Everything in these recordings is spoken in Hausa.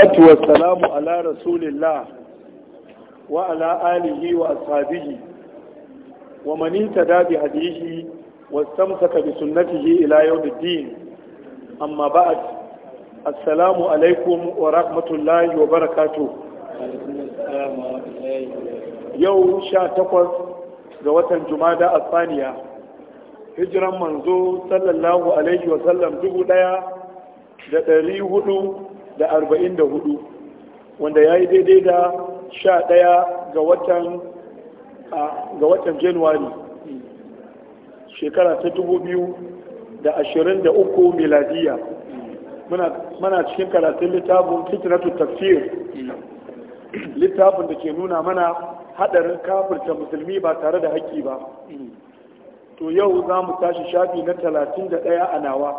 salatu wa salamu ala rasulillah wa ala alihi wa ashabihi wa man intada bi hadihi wa istamsaka bi sunnatihi ila yawmiddin amma ba'd assalamu alaikum wa rahmatullahi wa barakatuh yau sha takwas ga watan jumada asaniya hijiran manzo sallallahu alaihi wa sallam dubu daya da ɗari hudu da arba'in da hudu wanda ya yi daidai da sha ɗaya ga watan januwari shekara ta dubu biyu da ashirin da uku miladiya muna cikin karatun littafin fitnatu tafsir littafin da ke nuna mana haɗarin kafirta musulmi ba tare da haƙƙi ba to yau za mu tashi shafi na talatin da ɗaya a nawa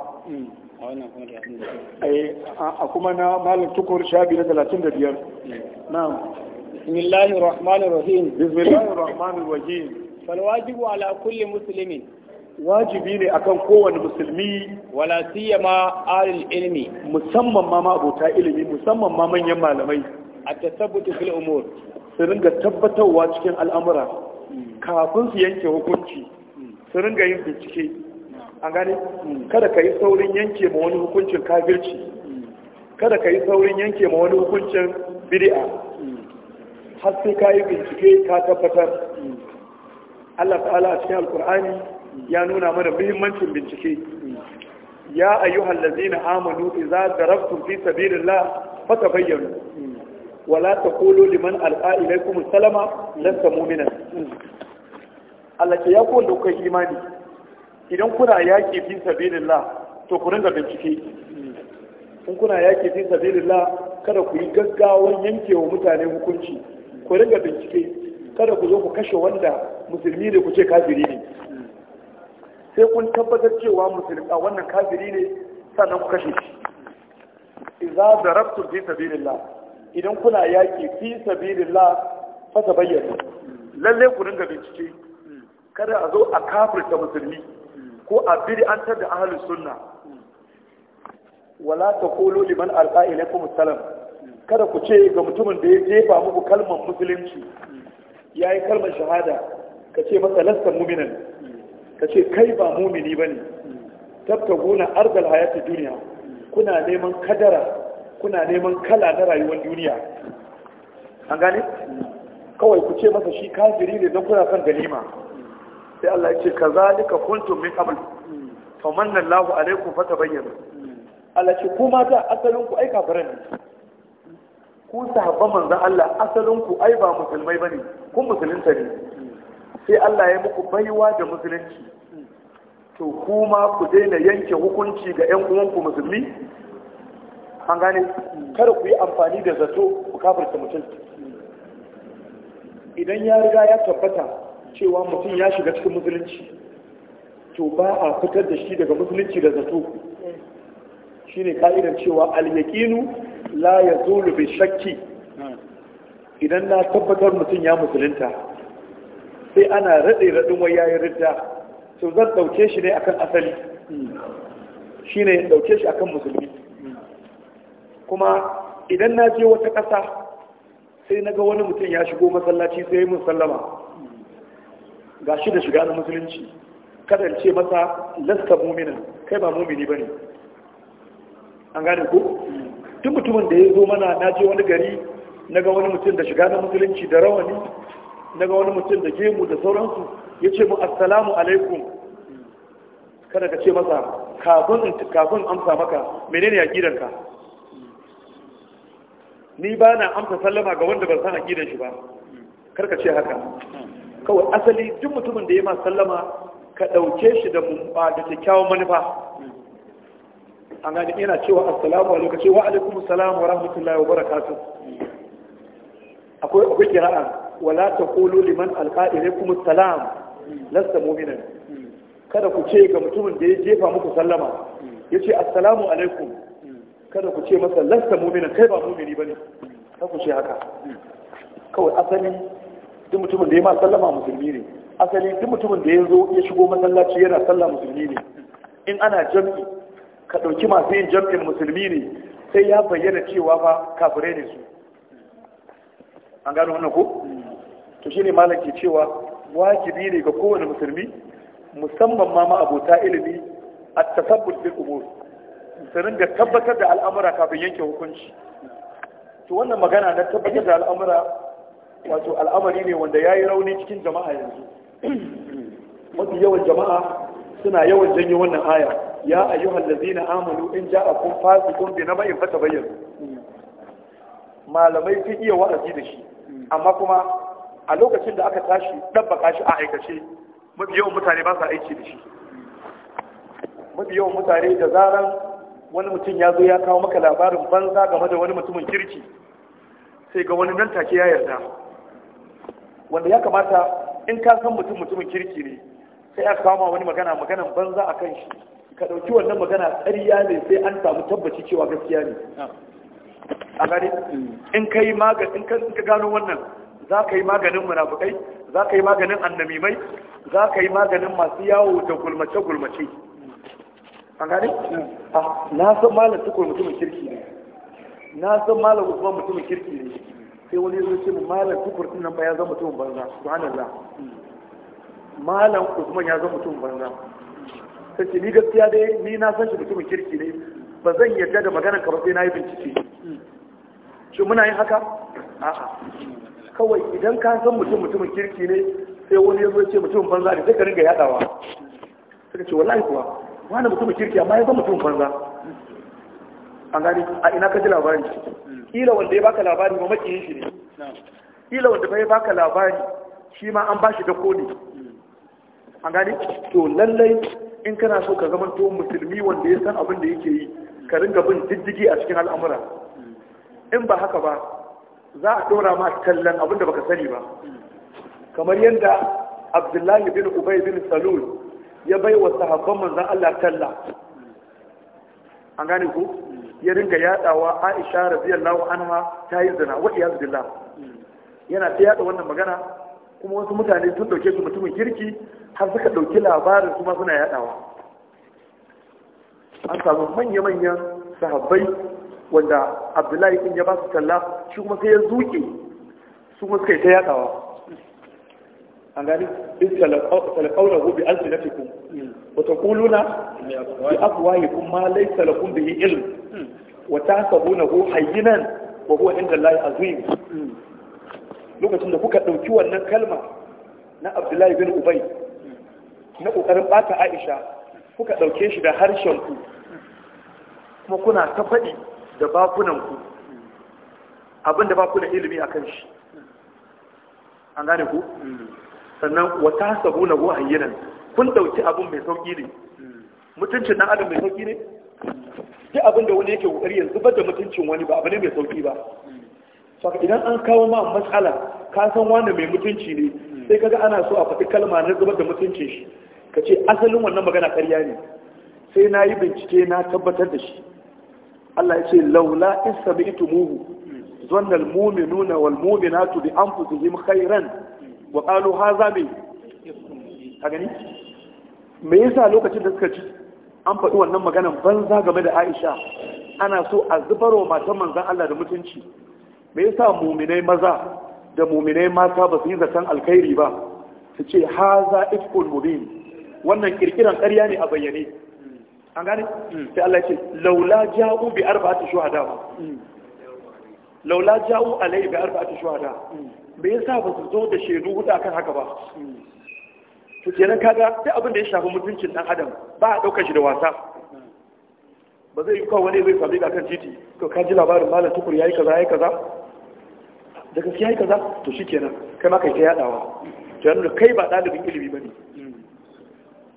a kuma na malam tukur biyu na talatin da biyar na'am bismillahir rahmanir rahim bismillahir rahmanir rahim fal wajibu ala kulli muslimin wajibi ne akan kowane musulmi wala siyama alil ilmi musamman ma abota ilimi musamman ma manyan malamai a tasabbutu fil umur su ringa tabbatarwa cikin al'amura kafin su yanke hukunci su ringa yin bincike an gane kada ka yi saurin yanke ma wani hukuncin kafirci kada ka yi saurin yanke ma wani hukuncin bid'a har sai ka yi bincike ka tabbatar Allah ta'ala a cikin alkur'ani ya nuna mana muhimmancin bincike ya ayyuhal ladzina amanu idza darabtum fi sabilillah fatabayyanu wala taqulu liman alqa ilaykum salama lan tamumina Allah ce ya ko da kai imani idan kuna yaƙi fi sabilillah to ku ringa bincike in kuna yaƙi fi sabilillah kada ku yi gaggawan yankewa mutane hukunci ku ringa bincike kada ku zo ku kashe wanda musulmi ne ku ce kafiri ne sai kun tabbatar cewa musulmi a wannan kafiri ne sannan ku kashe shi idza darabtu fi sabilillah idan kuna yaƙi fi sabilillah fa bayyana lalle ku ringa bincike kada a zo a kafirta musulmi ko a bid'antar da ahlus sunna wala taqulu liman alqa ilaykum assalam kada ku ce ga mutumin da ya jefa muku kalmar musulunci yayi kalmar shahada ka ce masa lasta mu'minan ka ce kai ba mu'mini bane tabtaguna ardal hayati duniya kuna neman kadara kuna neman kala na rayuwar duniya an gane kawai ku ce masa shi kafiri ne don kuna kan galima sai Allah ya ce zalika kuntum min qabl fa manna Allahu alaikum tabayyana Allah ce ku mata asalin ku ai kafiran ne ku sahabban manzon Allah asalin ku ai ba musulmai bane ku musulunta ne sai Allah ya muku baiwa da musulunci to kuma ku daina yanke hukunci ga uwan uwanku musulmi an gane kada ku yi amfani da zato ku kafirta mutum idan ya riga ya tabbata cewa mutum ya shiga cikin musulunci to ba a fitar da shi daga musulunci da zato ne ka'idan cewa alyakinu la la zo bi shakki idan na tabbatar mutum ya musulunta sai ana raɗe raɗin wai yayin ridda to zan ɗauke shi ne akan asali Shi shine ɗauke shi akan musulmi kuma idan na je wata ƙasa sai na ga wani mutum ya shigo masallaci sai mun sallama ga shi da shiga na musulunci kada in ce masa laska mumina kai ba mumini ne an gane ko duk mutumin da ya zo mana na je wani gari na ga wani mutum da shiga na musulunci da rawani na ga wani mutum da gemu da sauransu ya ce mu assalamu alaikum kada ka ce masa kafin amsa maka menene gidanka? ni ba na amsa sallama ga wanda ban san gidan shi ba karka ce haka kawai asali duk mutumin da ya ma sallama ka ɗauke shi da mumba da kyakkyawan manufa an gani yana cewa assalamu alaikum ce wa alaikum salam wa rahmatullahi wa barakatuh akwai akwai kira'a wala taqulu liman alqa kuma salam lasta mu'minan kada ku ce ga mutumin da ya jefa muku sallama yace assalamu alaikum kada ku ce masa lasta mu'minan kai ba mu'mini bane kada ku ce haka kawai asali duk mutumin da ya ma sallama musulmi ne asali duk mutumin da ya zo ya shigo masallaci yana sallah musulmi ne in ana jam'i ka ɗauki masu yin jam'in musulmi ne sai ya bayyana cewa fa kafirai ne su an gano wannan ko to shine malam ke cewa wajibi ne ga kowane musulmi musamman ma ma abota ilimi a tasabbut bil umur sanin da tabbatar da al'amura kafin yanke hukunci to wannan magana na tabbatar da al'amura wato al'amari ne wanda ya yi rauni cikin jama'a yanzu mafi yawan jama'a suna yawan janyo wannan aya ya hallazi na amalu in ja a ja'akum kun bi fata bayan. malamai sun iya wa'azi da shi amma kuma a lokacin da aka tashi dabbaka shi a aikace mafi yawan mutane ba sa aiki da shi mafi yawan mutane da zaran wani mutum ya zo ya kawo maka labarin banza game da wani mutumin kirki sai ga wani nan take ya yarda wanda ya kamata in ka san mutum mutumin kirki ne sai a kama wani magana maganan banza a kan shi ka ɗauki wannan magana tsariya ne sai an samu tabbaci cewa gaskiya ne a gani in ka yi maganin ka gano wannan za ka yi maganin munafukai za ka yi maganin annamimai za ka yi maganin masu yawo da gulmace-gulmace a gani ah, na san malam tukur mutumin kirki ne na san malam usman mutumin kirki ne sai wani ya ce mu malam kufur din nan ba ya zama mutum banza subhanallah malam usman ya zama mutum banza sai ce ni gaskiya dai ni na san shi mutumin kirki ne ba zan yarda da maganar ka ba sai na yi bincike shi muna yin haka a'a kawai idan ka san mutum mutumin kirki ne sai wani ya ce mutumin banza ne sai ka ringa yadawa sai ce wallahi kuwa wani mutumin kirki amma ya zama mutumin banza an gani a ina ka ji labari kila wanda ya baka labari ma makiyin shi ne kila wanda bai baka labari shi ma an bashi da koli hmm. an gani to lallai in kana so ka zama to musulmi wanda ya san abin da yake yi ka ringa bin diddigi a cikin al'amura hmm. in ba haka ba za a dora ma kallon abin da baka sani ba kamar yadda abdullahi bin ubay bin salul ya bai wa sahabban manzon Allah talla an gane ku ya ringa yadawa aisha radiyallahu anha ta yi zina wa iyaz billah yana ta yada wannan magana kuma wasu mutane sun dauke su mutumin kirki har suka dauki labarin kuma suna yadawa an samu manya-manyan sahabbai wanda abdullahi din ya ba su talla shi kuma sai ya zuke su kuma suka yi ta yadawa an gani hobi istalqawnahu bi alsinatikum hmm. wa taquluna bi afwahikum ma laysa da yi ilm wata hmm. wa tahsabunahu hayyinan wa huwa inda Allahi azim hmm. lokacin da kuka ɗauki wannan kalma na Abdullahi bin ubai na ƙoƙarin ɓata Aisha kuka ɗauke shi da harshen ku kuma kuna ta faɗi da bakunan ku abinda bakunan ilimi a kan shi an gane ku sannan wata sabu na hu hayyinan kun dauki abin mai sauki ne mutuncin dan adam mai sauki ne duk abin da wani yake kokari yanzu ba da mutuncin wani ba abu ne mai sauki ba so idan an kawo ma matsala ka san wani mai mutunci ne sai kaga ana so a faɗi kalma na zubar da mutuncin shi ka ce asalin wannan magana karya ne sai na yi bincike na tabbatar da shi Allah ya ce laula in sami itumuhu zannal muminuna wal muminatu bi anfusihim khairan wa ha za mai a gani me yasa lokacin da suka ci an faɗi wannan maganan banza game da Aisha ana so a zubar wa matan manzan Allah da mutunci me yasa muminai maza da muminai mata ba su yi zaton alkhairi ba su ce haza ifkul mubin wannan kirkiran ƙarya ne a bayyane an gane hmm. sai Allah ce laula ja'u bi arba'ati shuhada hmm. laula ja'u alai bi arba'ati shuhada hmm. me yasa ba su zo da shaidu hudu akan haka ba to kenan kaga sai abin da ya shafi mutuncin dan adam ba a ɗauka shi da wasa ba zai yi kawo wani zai fabi akan titi to ka ji labarin malam tukur yayi kaza yayi kaza da gaskiya yayi kaza to shikenan kai ma kai ta yadawa to yana kai ba dalibin ilimi bane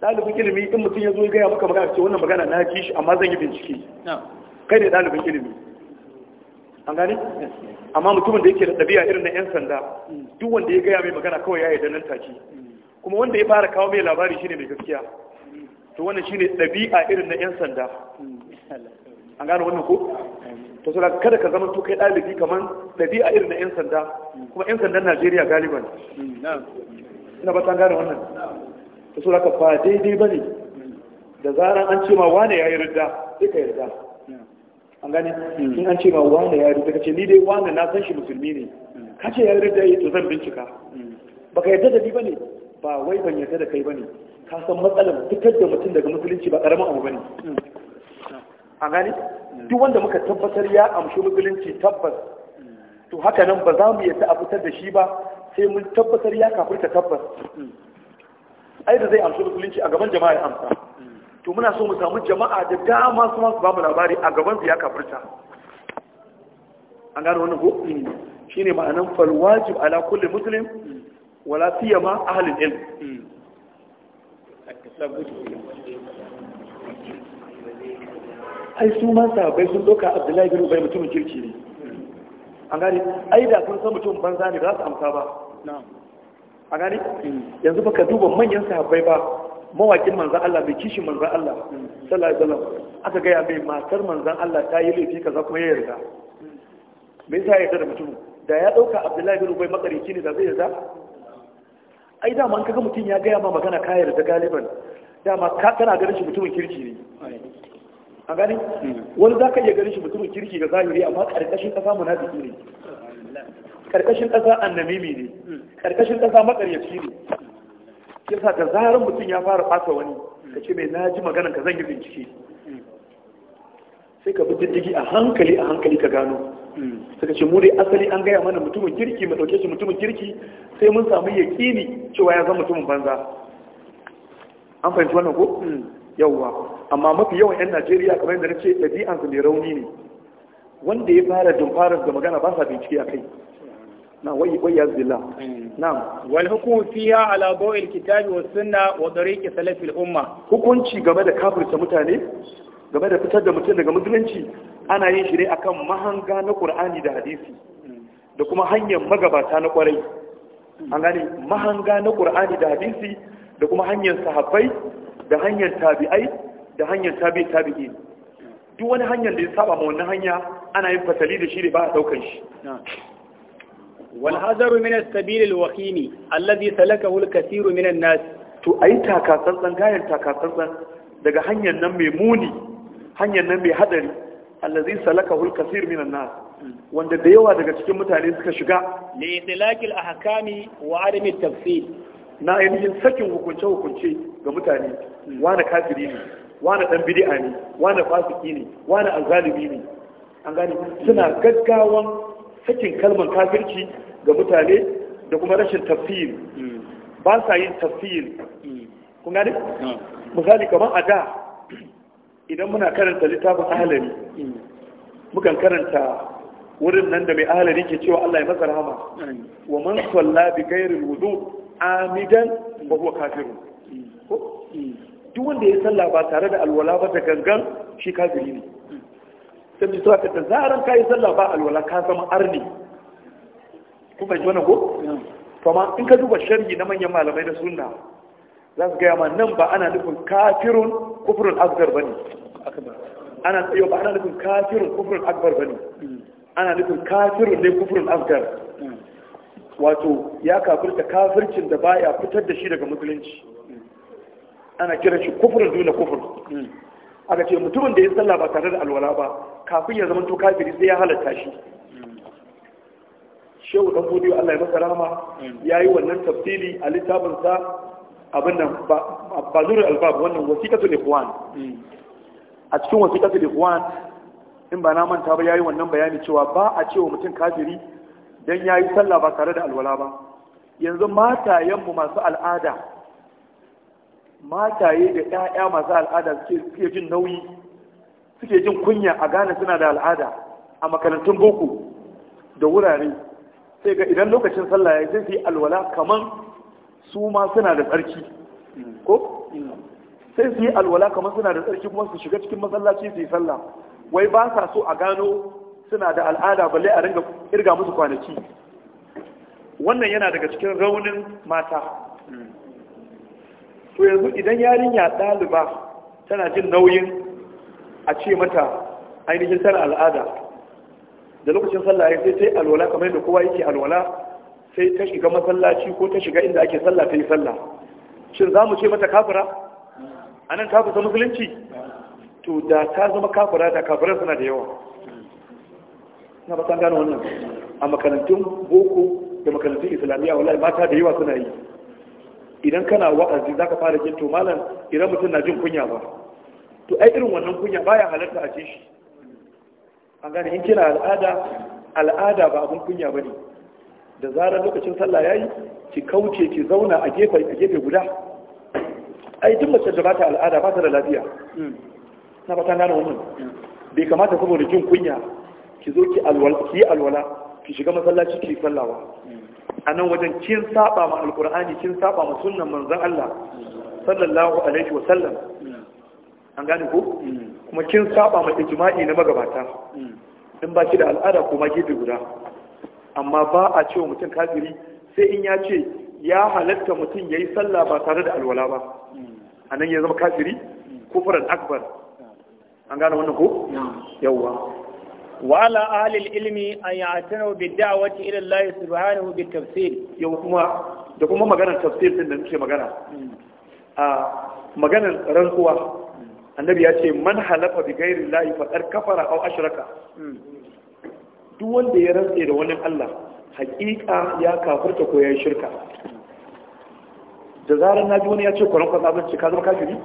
dalibin ilimi in mutum ya zo ya gaya maka magana ce wannan magana na ji shi amma zan yi bincike kai ne dalibin ilimi an gane amma mutumin da yake da ɗabi'a irin na 'yan sanda duk wanda ya gaya mai magana kawai ya yi da nan take kuma wanda ya fara kawo mai labari shine mai gaskiya to wannan shine ɗabi'a irin na 'yan sanda an gane wannan ko to sai kada ka zama to kai ɗalibi kamar ɗabi'a irin na 'yan sanda kuma 'yan sandan Najeriya galiban ina ba ta gane wannan to sai ka ba daidai bane da zaran an ce ma wane yayi ridda sai ka yarda an gane hmm. in an ce ma wanda ya rida ce ni dai wanda na san shi musulmi ne hmm. Ka ce ya rida yi to zan bincika hmm. baka yarda da ni bane ba wai ban yarda da kai bane ka san matsalar fitar da mutum daga musulunci ba karamin abu bane an gane duk wanda muka tabbatar ya amshi musulunci tabbas to haka nan ba za mu yarda a fitar da shi ba sai mun tabbatar ya kafirta tabbas ai da zai amshi musulunci a gaban jama'a ya amsa to muna so mu samu jama'a da dama su masu ba mu labari a gaban su ya kafirta an gano wannan ko hmm. shine ma'anan fal wajib ala kulli muslim wala siyama ahli ilm hmm. ai su masa bai sun doka abdullahi bin ubay mutumin kirki ne hmm. an gane ai da sun san mutum banza ne ba za su amsa ba a gane yanzu baka duba manyan sahabbai ba mawakin manzan Allah bai kishi manzan Allah sallallahu alaihi wasallam aka gaya mai matar manzan Allah ta yi laifi kaza kuma ya yarda me yasa ya yarda da mutum da ya dauka Abdullahi bin Ubay makarici ne da zai yarda ai da man kaga mutum ya gaya ma magana ka yarda galiban dama ka kana ganin shi mutumin kirki ne a gani wani zaka iya ganin shi mutumin kirki ga zahiri amma karkashin kasa munafiki ne karkashin kasa annamimi ne karkashin kasa makaryaci ne shi yasa da zarar mutum ya fara fasa wani ka ce mai naji maganan ka zan yi bincike sai ka bi diddigi a hankali a hankali ka gano ka ce mu dai asali an gaya mana mutumin kirki mu dauke shi mutumin kirki sai mun samu yakini cewa ya zama mutumin banza an fahimci wannan ko yawwa amma mafi yawan yan Najeriya kamar yadda nace ɗabi'an su mai rauni ne wanda ya fara dumfarar da magana ba sa bincike a kai na wai wai yazilla mm. na'am wal hukmu fiha ala bawil kitabi was sunna wa tariqi salafil umma hukunci game da kafirta mutane game da fitar da mutum daga musulunci ana yin shi ne akan mahanga na qur'ani da hadisi mm. da kuma hanyar magabata na kwarai mm. an gane mahanga na qur'ani da hadisi da kuma hanyar sahabbai da hanyar tabi'ai da hanyar tabi tabi'in duk wani hanyar da ya saba ma wannan hanya ana yin fasali da shi ne ba a daukan shi wal hadaru min as-sabil al-wahimi alladhi salakahu al-kathiru min an-nas to ayi takatsantsan gayar takatsantsan daga hanyar nan mai muni hanyar nan mai hadari allazi salakahu al-kaseer min an-nas wanda da yawa daga cikin mutane suka shiga li itlaqil ahkami wa adami tafsil na ainihin sakin hukunce hukunce ga mutane wani kafiri ne wani dan bid'a ne wani fasiki ne wani azalimi ne an gane suna gaggawan sakin kalman kafirci ga mutane da kuma rashin tafsir hmm. ba sa yin tafsir hmm. Kuma ne? Hmm. misali kamar a da idan muna karanta littafin ahalari mukan karanta wurin nan da mai ahalari ke cewa Allah ya masa rahama wa man salla bi ghairi wudu amidan ba huwa Ko duk wanda ya salla ba tare da alwala ba da gangan shi kafiri ne sai mu tsaka da zaran kai sallah ba alwala ka zama arni ku bai wannan ko to ma in ka duba sharhi na manyan malamai da sunna za su gaya ma nan ba ana nufin kafirun kufrun akbar bane ana tsayo ba ana nufin kafirun kufrun akbar bane ana nufin kafirun ne kufrun akbar wato ya kafirta kafircin da baya fitar da shi daga musulunci ana kiran shi kufrun duna kufrun ga ce mutumin da ya sallah ba tare da alwala ba kafin ya zamanto kafiri sai ya halatta shi shehu dan bodiyo Allah ya masa rahama yayi wannan tafsiri a littafin sa abin nan ba zuri albab wannan wasiqatul ikhwan a cikin wasiqatul ikhwan in ba na manta ba yayi wannan bayani cewa ba a ce wa mutum kafiri dan yayi sallah ba tare da alwala ba yanzu matayen mu masu al'ada mataye da 'ya'ya masu al'ada suke jin nauyi suke jin kunya a gane suna da al'ada a makarantun boko da wurare sai ga idan lokacin sallah ya sai alwala kaman su ma suna da tsarki ko sai su yi alwala kaman suna da tsarki kuma su shiga cikin masallaci su yi sallah wai ba sa so a gano suna da al'ada balle a ringa irga musu kwanaki wannan yana daga cikin raunin mata to yanzu idan yarinya ɗaliba tana jin nauyin a ce mata ainihin tana al'ada da lokacin sallah ya sai ta alwala kamar yadda kowa yake alwala sai ta shiga masallaci ko ta shiga inda ake sallah ta yi sallah shin za mu ce mata kafira a nan ta musulunci to da ta zama kafira da kafiran suna da yawa na basan gano gane wannan a makarantun boko da makarantun islamiyya wallahi mata da yawa suna yi idan kana wa'azi za ka fara jin tumalan malam idan mutum na jin kunya ba to ai irin wannan kunya baya halarta a ci shi an gane in kina al'ada al'ada ba abin kunya ba ne da zarar lokacin sallah ya yi ki kauce ki zauna a gefe guda ai duk mace da ba ta al'ada ba ta da lafiya na fata gane wannan bai kamata saboda jin kunya ki zo alwala ki alwala ki shiga masallaci ki sallawa a nan wajen kin saba ma alkur'ani kin saba ma sunan manzon Allah sallallahu alaihi wa sallam an gane ko kuma kin saba ma ijma'i na magabata in ba shi da al'ada ko ma gefe guda amma ba a wa mutum kafiri sai in ya ce ya halatta mutum yayi sallah ba tare da alwala ba Anan ya zama kafiri kufran akbar an gane wannan ko yawwa وعلى أهل العلم أن يعتنوا بالدعوة إلى الله سبحانه بالتفسير يوكما دكما مغانا تفسير في النمشي مغانا مغانا رنقوة النبي يأتي من حلف بغير الله فقد كفر أو أشرك دون دي رنقي دون الله حقيقة يا كافرتك ويا شركة da zarar na ji wani ya ce kwaron kwasa abinci ka zama kafiri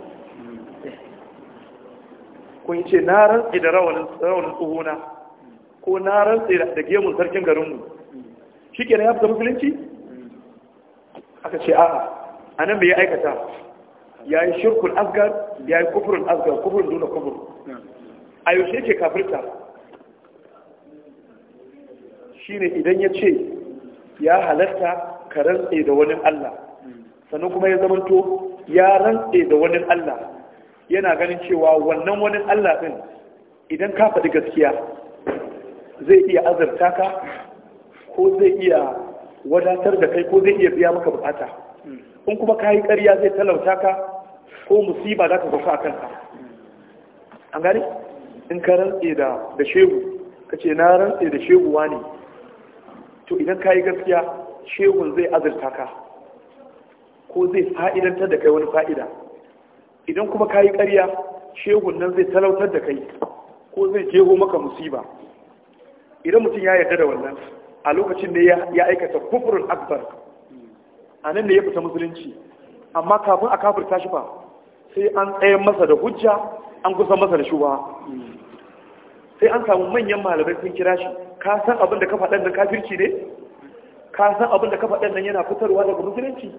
kun na rantsi da rawanin tsohona ko na rantse da gemun sarkin garinmu shi ke na ya fita musulunci aka ce a'a a nan mai aikata ya yi shirkul asgar ya yi kufurin asgar kufurin duna kufur a yaushe ke kafirta ne idan ya ce ya halatta ka rantse da wani Allah sannan kuma ya zamanto ya rantse da wani Allah yana ganin cewa wannan wani Allah din idan ka faɗi gaskiya zai iya azarta ka ko zai iya wadatar da kai ko zai iya biya maka bukata in kuma ka yi ƙarya zai talauta ka ko musiba za ka zafi a kanka an gani. in ka rantse da shegu shehu ka ce na rantse da shehu ne. to idan ka yi gaskiya shegun zai azarta ka ko zai fa'idantar da kai wani fa'ida idan kuma ka yi ƙarya shegun nan zai talautar da kai ko zai jeho maka musiba idan mutum ya yarda da wannan a lokacin da ya aikata kufurin akbar a nan ne ya fita musulunci amma kafin a kafirta shi ba sai an tsayen masa da hujja an kusa masa da shuba sai an samu manyan malamai sun kira shi ka san abin da kafa ɗan nan kafirci ne ka san abin da kafa ɗan nan yana fitarwa daga musulunci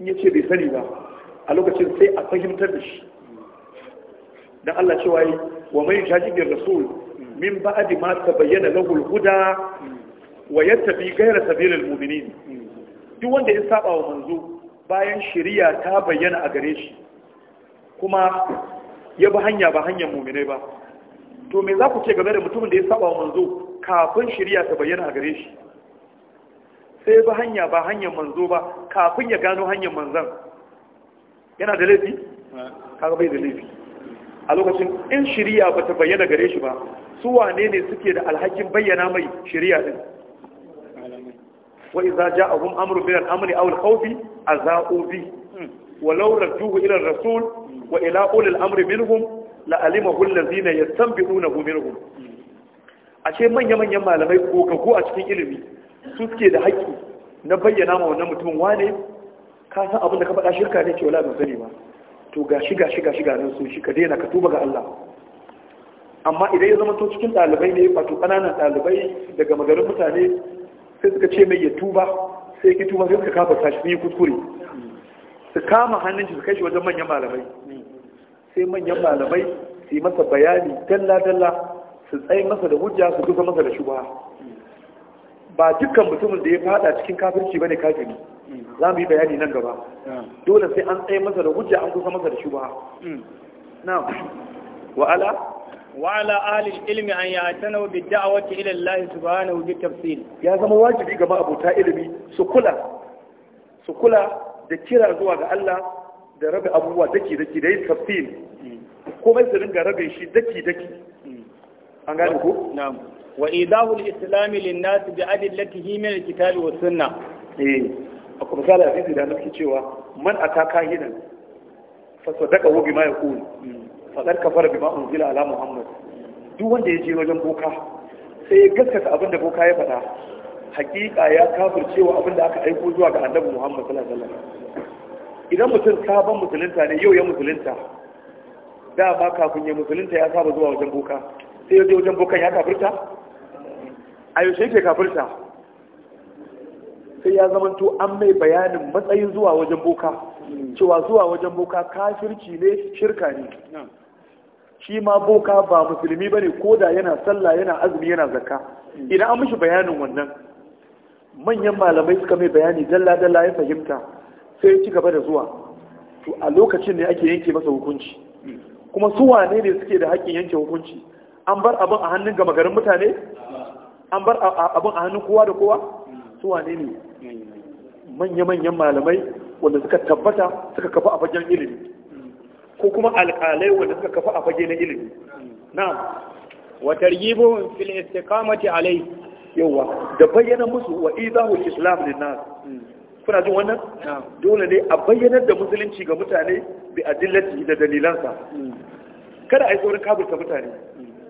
in ya ce bai sani ba a lokacin sai a fahimtar da shi dan Allah cewa yi wa mai shajibin rasul min ba'di ma tabayyana lahu al-huda wa yattabi ghayra sabilil mu'minin duk wanda ya saba wa manzo bayan shari'a ta bayyana a gare shi kuma ya bi hanya ba hanyar mu'minai ba to me za ku ce game da mutumin da ya saba wa manzo kafin shari'a ta bayyana a gare shi sai ba hanya ba hanyar manzo ba kafin ya gano hanyar manzan yana da laifi kaga bai da laifi a lokacin in shiriya ba ta bayyana gare shi ba su wane ne suke da alhakin bayyana mai shiriya din wa idza ja'ahum amru min al-amri aw al-khawfi azaa'u bi law radduhu ila ar-rasul wa ila ulil amri minhum la alimahu allazina yastanbihunahu minhum ashe manya-manyan malamai ko gogago a cikin ilimi su suke da haƙƙi na bayyana ma wannan mutumin wane ka san abin da ka faɗa shirka ne ke wala ba sani ba to ga shiga shiga shiga nan su shi ka daina ka tuba ga Allah amma idan ya zama to cikin ɗalibai ne wato kananan dalibai daga magarin mutane sai suka ce mai ya tuba sai ki tuba sai suka kafa tashi sun kuskure su kama hannun shi su kai shi wajen manyan malamai sai manyan malamai su yi masa bayani dalla dalla su tsaye masa da hujja su kusa masa da shubha ba dukkan mutumin da ya fada cikin kafirci bane kafiri za mu yi bayani nan gaba dole sai an tsaye masa da hujja an kusa masa da shubha na'am wa ala wa ala ahli ilmi an ya'tanu bi da'wati ila Allah subhanahu wa ta'ala ya zama wajibi ga abota ilimi su kula su kula da kira zuwa ga Allah da rabe abubuwa daki daki da yin ko hmm. komai su dinga rabe shi daki daki hmm. an gane ko na'am wa idahu al-islam lin-nas bi adillatihi min al-kitab wa sunnah eh akwai misali a cikin da nake cewa man ataka hidan fa sadaqa wa bima yaqul fa qad kafara bima unzila ala muhammad duk wanda ya je wajen boka sai ya gaskata abin da boka ya faɗa hakika ya kafircewa abin da aka aiko zuwa ga annabi muhammad sallallahu alaihi wasallam idan mutum sabon musulunta ne yau ya musulunta dama kafin ya musulunta ya saba zuwa wajen boka sai ya wajen bokan ya kafirta a yaushe yake kafirta sai ya zamanto an mai bayanin matsayin zuwa wajen boka cewa zuwa wajen boka kafirci ne shirka ne shi ma boka ba musulmi ba ne ko da yana sallah yana azumi yana zakka idan an mishi bayanin wannan manyan malamai suka mai bayani dalla-dalla ya fahimta sai ya ci gaba da zuwa to a lokacin ne ake yanke masa hukunci kuma su wane ne suke da haƙƙin yanke hukunci an bar abin a hannun gama garin mutane an bar abin a hannun kowa da kowa hmm. su wane ne manya-manyan malamai wanda suka tabbata suka kafa a fagen ilimi hmm. ko kuma alƙalai wanda suka kafa a fage na ilimi hmm. na'am wa targhibun fil istiqamati alai yawa da bayyana musu wa idahu islam lin nas kuna jin wannan dole ne a bayyanar da musulunci ga mutane bi adillati da dalilansa kada a yi saurin kafirta mutane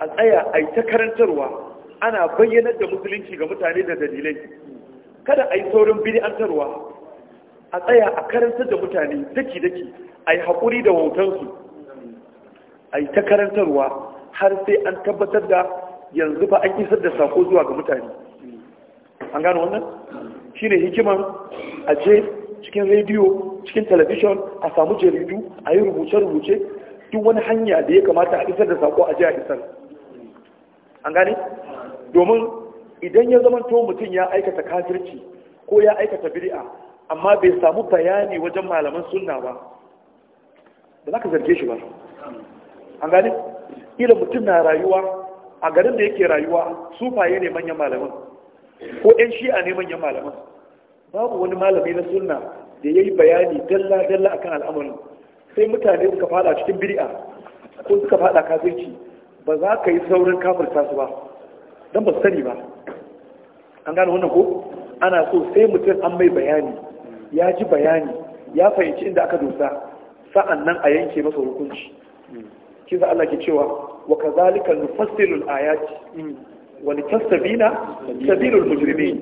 a tsaya a yi ta karantarwa ana bayyanar da musulunci ga mutane da dalilai kada a yi saurin bili'antarwa a tsaya a karanta da mutane daki-daki a yi haƙuri da wautansu a yi ta karantarwa har sai an tabbatar da yanzu ba an isar da sako zuwa ga mutane an gano wannan shi ne hikiman a je cikin rediyo cikin talabishon a samu jaridu a yi rubuce-rubuce duk wani hanya da ya kamata a isar da sako a je a isar an gane domin idan ya zama to mutum ya aikata kafirci ko ya aikata bid'a amma bai samu bayani wajen malaman sunna ba ba za ka zarge shi ba an gani, ila mutum na rayuwa a garin da yake rayuwa sufaye ne manyan malaman ko yan shi'a ne manyan malaman babu wani malami na sunna da ya yi bayani dalla dalla akan al'amarin sai mutane suka fada cikin bid'a ko suka fada kafirci ba za ka yi saurin kafirta su ba don ba su sani ba an gane wannan ko ana so sai mutum an mai bayani ya ji bayani ya fahimci inda aka dosa sa'an nan a yanke masa hukunci kisa Allah ke cewa wa kazalika nufassilul ayati wa litastabina sabilul mujrimin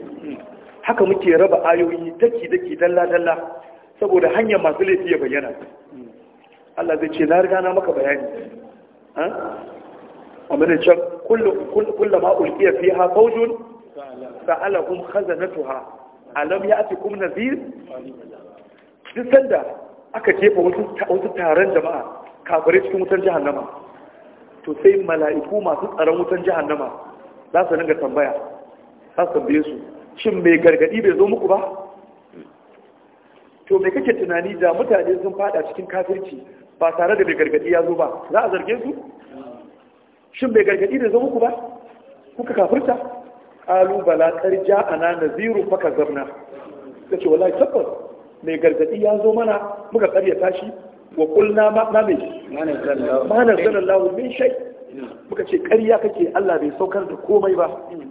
haka muke raba ayoyi daki daki dalla dalla saboda hanyar masu laifi ya bayyana Allah zai ce na riga na maka bayani amma ne can kullu ma ulqiya fiha fawjun sa'alahum khazanatuha alam ya'tikum nadhir duk sanda aka jefa wasu taron jama'a kafare cikin wutar jahannama to sai mala'iku masu tsaron wutar jahannama za su ringa tambaya za su tambaye su shin mai gargadi bai zo muku ba to mai kake tunani da mutane sun fada cikin kafirci ba tare da mai gargadi ya zo ba za a zarge su shin bai gargadi da zama ku ba kuka kafurta alu bala naziru ja'ana nadhirun ta ce wallahi tabbas mai gargadi ya zo mana muka karya shi wa kulna ma na mai ma nazalallahu min shai muka ce karya kake Allah bai saukar da komai ba hmm.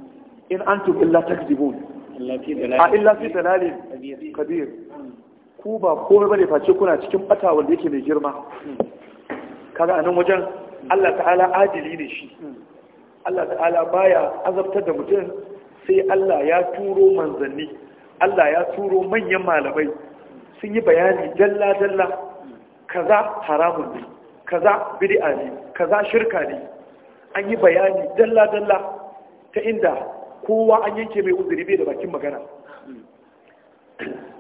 in tu illa takzibun a illa fi dalali kabir ku ba komai bane face kuna cikin bata wanda yake mai girma hmm. kaga anan wajen Allah ta'ala adili ne shi hmm. Allah ta'ala baya azabtar da mutum sai Allah ya turo manzanni Allah ya turo manyan malamai sun yi bayani dalla dalla kaza haramun ne kaza bid'a ne kaza shirka ne an yi bayani dalla dalla ta inda kowa an yanke mai uzuri bai da bakin magana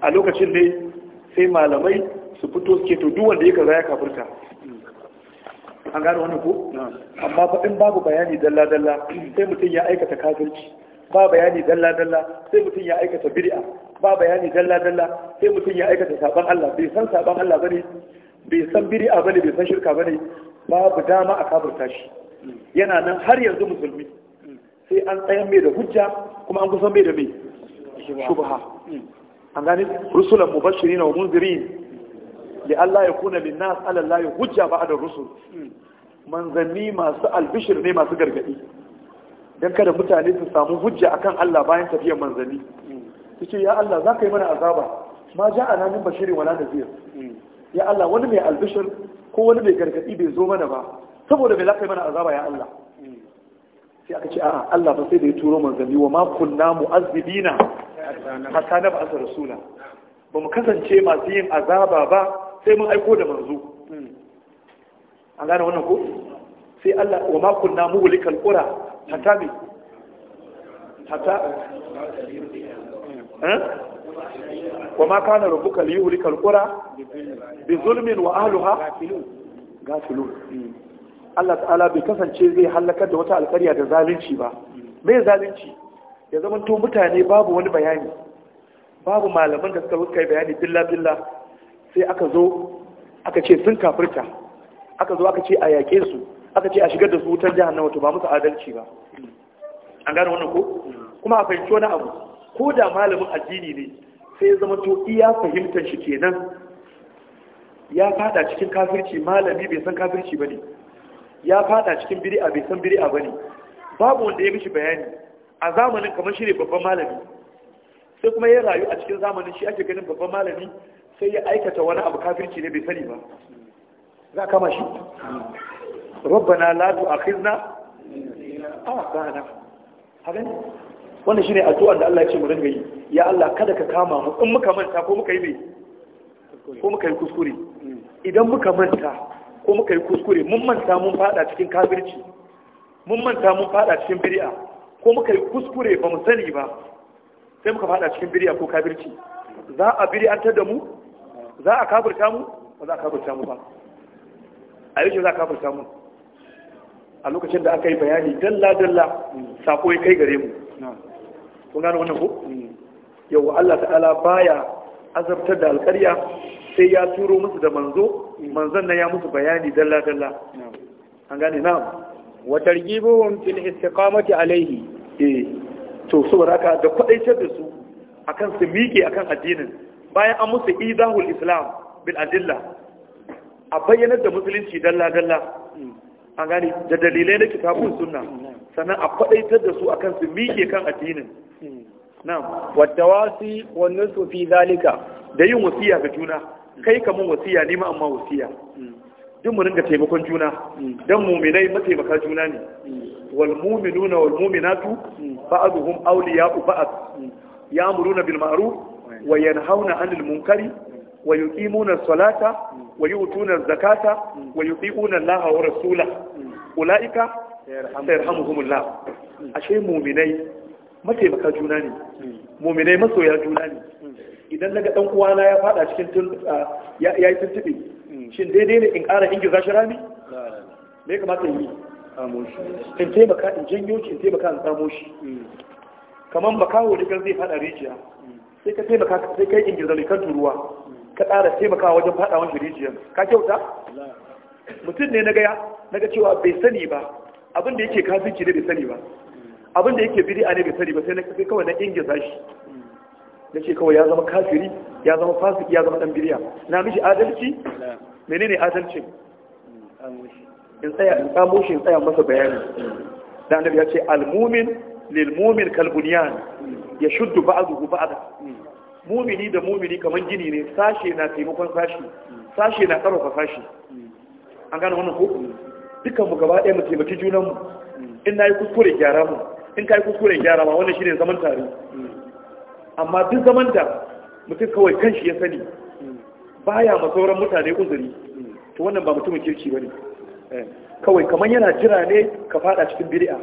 a lokacin ne sai malamai su fito suke to duwanda ya kaza ya kafirta an gano wannan ko amma fa in babu bayani dalla dalla sai mutum ya aikata kafirci ba bayani dalla dalla sai mutum ya aikata bid'a ba bayani dalla dalla sai mutum ya aikata saban Allah bai san saban Allah bane bai san bid'a bane bai san shirka bane babu dama a kafirta shi yana nan har yanzu musulmi sai an tsayan mai da hujja kuma an kusan mai da mai shubha an gane rusulan mubashirin wa munzirin li Allah ya kuna lin nas ala Allah ya hujja da rusul manzanni masu albishir ne masu gargadi dan kada mutane su samu hujja akan Allah bayan tafiyar manzanni yace ya Allah za ka yi mana azaba ma ja ja'ana min bashiri wala nadhir ya Allah wani mai albishir ko wani mai gargadi bai zo mana ba saboda bai za ka yi mana azaba ya Allah sai aka ce a'a Allah ba sai da ya turo manzanni wa ma kunna mu'azzibina hatta na ba'atha rasula ba mu kasance masu yin azaba ba sai mun aiko da manzo hmm. an gane wannan ko sai Allah wa ma kunna muhlikal qura hatta bi hatta hmm. eh? wa ma kana rabbuka liyuhlikal qura bi zulmin wa ahliha gafilun hmm. Allah ta'ala bai kasance zai halakar da wata alƙarya da zalunci ba mai zalunci ya zama to mutane babu wani bayani babu malaman da suka kai bayani billa billa sai aka zo aka ce sun kafirta aka zo aka ce a yaƙe su aka ce a shigar da su wutar jahannama wato ba musu adalci ba an gane wannan ko kuma a fahimci wani abu ko da malamin addini ne sai ya zama to iya fahimtar shi kenan ya fada cikin kafirci malami bai san kafirci ne. ya fada cikin biri'a bai san ba ne. babu wanda ya mishi bayani a zamanin kamar shi ne babban malami sai kuma ya rayu a cikin zamanin shi ake ganin babban malami sai ya aikata wani abu kafirci ne bai sani ba za kama shi rabbana la tu'akhizna a'tana hagan wannan ne addu'ar da Allah ya ce mu ringa yi ya Allah kada ka kama mu in muka manta ko muka yi mai ko muka yi kuskure idan muka manta ko muka yi kuskure mun manta mun fada cikin kafirci mun manta mun fada cikin bid'a ko muka yi kuskure ba mu sani ba sai muka fada cikin birya ko kabirci. za a an da mu za a kafirta mu ba za a kafirta mu ba a yau za a kafirta mu a lokacin da aka yi bayani dalla-dalla sako ya kai gare mu kun gano wannan ko yau Allah ta'ala baya azabtar da alƙarya sai ya turo musu da manzo manzon nan ya musu bayani dalla-dalla an gane na wa targibuhum fil istiqamati alayhi eh. to ba da kwadaitar da su akan su miƙe akan addinin bayan an musu izahul islam bil adilla a bayyanar da musulunci dalla dalla an gani da dalilai na kitabun sunna sannan a kwadaitar da su akan su miƙe kan addinin na'am wattawasi wa nusu fi zalika da yin wasiya ga juna kai kaman wasiya ne ma amma wasiya duk mu ringa taimakon juna dan mu'minai mataimaka juna ne wal mu'minuna wal mu'minatu ba'dhum awliya'u ba'd ya'muruna bil ma'ruf wa yanhauna 'anil munkari wa yuqimuna as-salata wa yu'tuna az-zakata wa yuti'una Allaha wa rasulahu ulaika yarhamuhumullah ashe mu'minai mataimaka juna ne mu'minai masoya juna ne idan naga dan uwana ya fada cikin tun ya yi tuntube shin daidai ne in ƙara ingiza shi rami me kamata yi in taimaka in janyo shi in taimaka in samo shi mm. kamar makaho da kan zai fada rijiya sai ka taimaka sai kai ingiza mai kan turuwa ka ƙara taimaka wajen fada wani rijiya ka kyauta mutum ne na ga cewa bai sani ba abin da yake kafinci ne bai sani ba abin da yake a ne bai sani ba sai na kawai na ingiza shi na ce kawai ya zama kafiri ya zama fasik ya zama dan biriya. na mishi adalci menene adalci in tsaya in tsamo shi in tsaya masa bayani da annabi ya ce almumin lil mumin kal bunyan ya shuddu ba'dahu ba'da mumini da mumini kaman gini ne sashe na taimakon sashi sashe na karfafa sashi an gane wannan ko dukan mu gaba ɗaya mu taimaki junan mu in nayi kuskure gyara mu in kai kuskure gyara ma wannan shine zaman tare amma duk zaman da mutum kawai kanshi ya sani baya ma sauran mutane uzuri to wannan ba mutumin kirki bane eh, kawai kaman yana jira ne ka fada cikin bid'a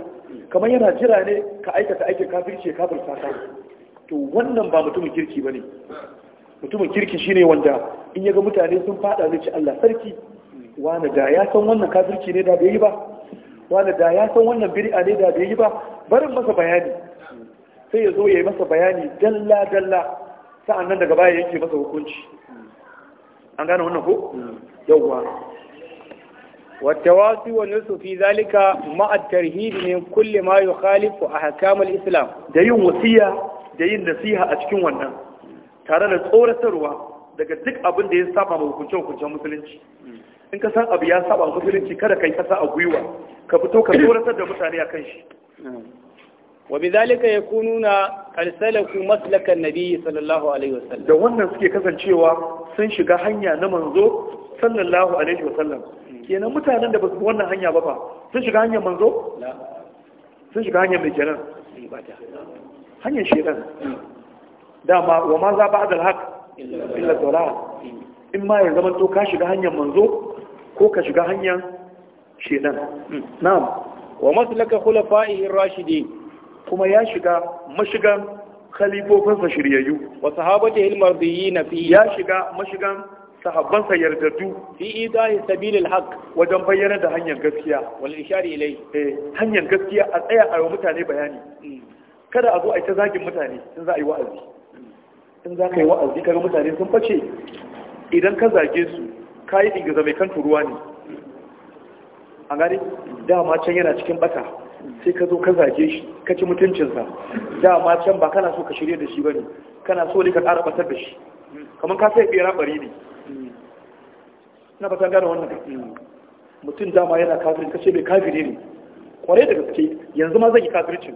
Kaman yana jira ne ka aikata aikin kafirci ka kafirta ka to wannan ba mutumin kirki bane mutumin kirki shine wanda in yaga mutane sun fada ne ci Allah sarki wani da ya san wannan kafirci ne da bai yi ba wani da ya san wannan bid'a ne da bai yi ba barin masa bayani sai ya zo ya yi masa bayani dalla dalla sa'annan daga baya yake masa hukunci an gane wannan ko hmm. yawwa والتواصي والنص في ذلك مع الترهيب من كل ما يخالف أحكام الإسلام دين وصية دين a cikin wannan, tare da tsoratarwa daga duk abin da ya saba ma hukuncin hukuncin musulunci hmm. in ka san abu ya saba musulunci kada ka yi kasa a gwiwa ka fito ka tsoratar da mutane a kan shi hmm. wa يكونون قد سلكوا مسلك النبي صلى الله عليه وسلم da wannan suke kasancewa sun shiga hanya na manzo sallallahu alaihi wasallam kenan mutanen da ba su wannan hanya ba fa sun shiga hanyar manzo sun shiga hanyar mai kenan hanyar shedan dama wa ma za ba'd al-haq illa dalal in ma ya zama to ka shiga hanyar manzo ko ka shiga hanyar shedan hmm. na'am wa maslaka khulafa'ihi ar-rashidin kuma ya shiga mashigan khalifofinsa shiryayyu wa sahabati na fi ya shiga mashigan sahabbansa yardaddu fi idahi sabilil haqq wajen bayyana da hanyar gaskiya wal ishari ilai eh hanyar gaskiya a tsaya a mutane bayani mm. kada a zo a ta zagin mutane in za a yi wa'azi mm. in za ka yi wa'azi kaga mutane sun face idan ka zage su ka yi digiza mai kan turuwa ne a gani dama can yana cikin bata sai ka zo ka zage shi ka ci mutuncinsa dama can ba kana so ka shirya da shi ba ne kana so ne ka ƙara batar da shi kamar ka sai ɓera bari ne na ba ta gane wannan mutum dama yana kafirin ka ce mai kafiri ne kwarai da gaske yanzu ma zai yi kafircin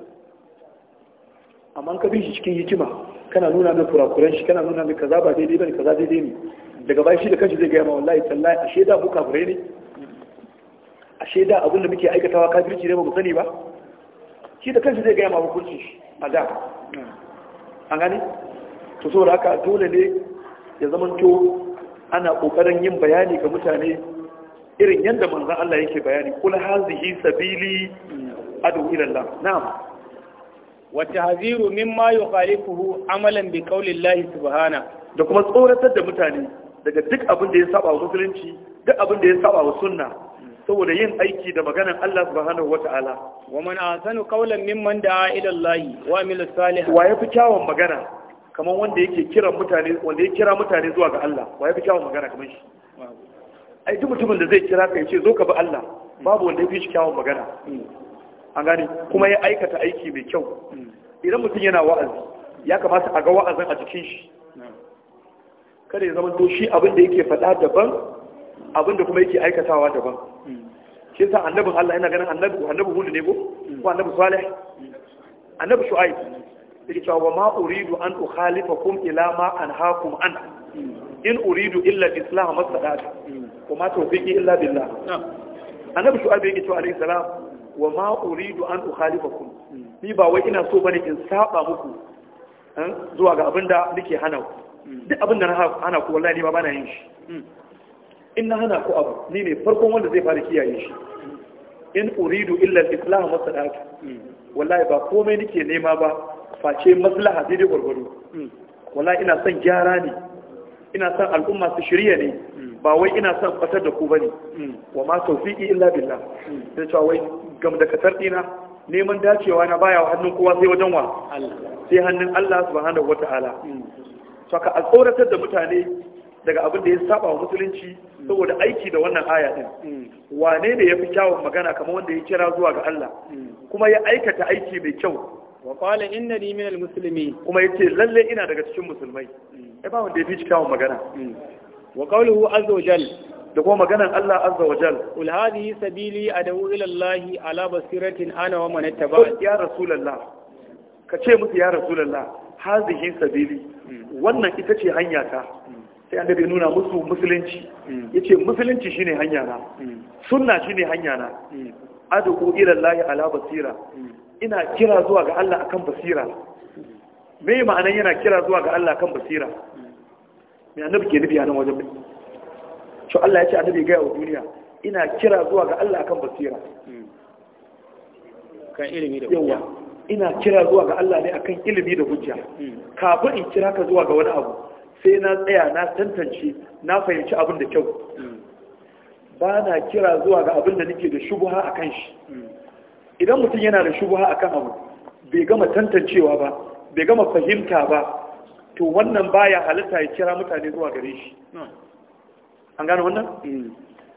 amma ka bi shi cikin hikima kana nuna mai kurakuran shi kana nuna mai kaza ba daidai ba ne kaza daidai ne daga bayan shi da kanshi zai gaya ma wallahi tallahi ashe da mu kafirai ne ashe da abin da muke aikatawa kafirci ne ba mu sani ba shi da kanshi zai gaya ma hukunci a da an gani to saboda haka dole ne ya zamanto ana kokarin yin bayani ga mutane irin yadda manzan Allah yake bayani kul hazihi sabili adu ila na'am wa tahziru mimma yukhalifuhu amalan bi qawli subhana da kuma tsoratar da mutane daga duk abin da ya saba wa musulunci duk abin da ya saba wa sunna saboda yin aiki da maganar Allah subhanahu wata'ala wa man ahsanu qawlan mimman da'a ila Allah wa amila salihan wa yafi kyawun magana kamar wanda yake kira mutane wanda ya kira mutane zuwa ga Allah wa yafi kyawun magana kamar shi ai duk mutumin da zai kira ka yace zo ka bi Allah babu wanda yafi shi kyawun magana an gane kuma ya aikata aiki mai kyau idan mutum yana wa'azi ya kamata a ga wa'azin a jikin shi kada ya zama to shi abin da yake faɗa daban abinda kuma yake aikatawa daban shi san annabin Allah yana ganin annabi annabi hudu ne ko ko annabi salih annabi shu'aib yake cewa wa ma uridu an ukhalifakum ila ma anhaakum an in uridu illa al-islam masadat kuma tawfiqi illa billah annabi shu'aib yake cewa alayhi salam wa ma uridu an ukhalifakum ni ba wai ina so bane in saba muku eh, zuwa ga abinda nake hana ku hmm. duk abinda na hana ku wallahi ni ba bana yin shi hmm. in na hana ku abu ni ne farkon wanda zai fara kiyaye shi in uridu illa al-islah maslahatu wallahi ba komai nake nema ba face maslaha dai dai gurguru wallahi ina son gyara ne ina son al'umma su shirya ne ba wai ina son fatar da ku bane wa ma tawfiqi illa billah sai cewa wai gam da katar dina neman dacewa na baya wa hannun kowa sai wajen wa sai hannun Allah subhanahu wataala saka a tsoratar da mutane daga abin da ya saba wa musulunci saboda aiki da wannan aya din mm. wane ne ya fi kyawun magana kamar wanda ya kira zuwa ga Allah mm. kuma ya aikata aiki mai kyau wa qala innani min muslimin kuma yace lalle ina daga cikin musulmai eh ba wanda ya fi kyawun magana wa qawluhu azza wa jal da kuma maganan Allah azza wa jal ul hadhihi sabili adu ila Allah ala basiratin ana wa man ya rasulullah ka ce musu ya rasulullah hadhihi sabili wannan ita ce hanya ta. sai da bai nuna musu musulunci hmm. Ya ce, musulunci shi ne hanya na hmm. shi ne hanya na hmm. ad'u irin layi ala basira ina kira zuwa ga Allah akan basira me ma'anan yana kira zuwa ga Allah akan basira me annabi ke nufi hannun nan wajen shi Allah ya ce annabi gaya wa duniya ina kira zuwa ga Allah akan basira kan ilimi da hujja ina kira zuwa ga Allah ne akan ilimi da hujja kafin in kira ka zuwa ga wani abu sai na tsaya na tantance na fahimci abin da kyau ba na kira zuwa ga abin da nake da shubuha a kan shi idan mutum yana da shubuha a kan abu bai gama tantancewa ba bai gama fahimta ba to wannan baya halitta ya kira mutane zuwa gare shi an gano wannan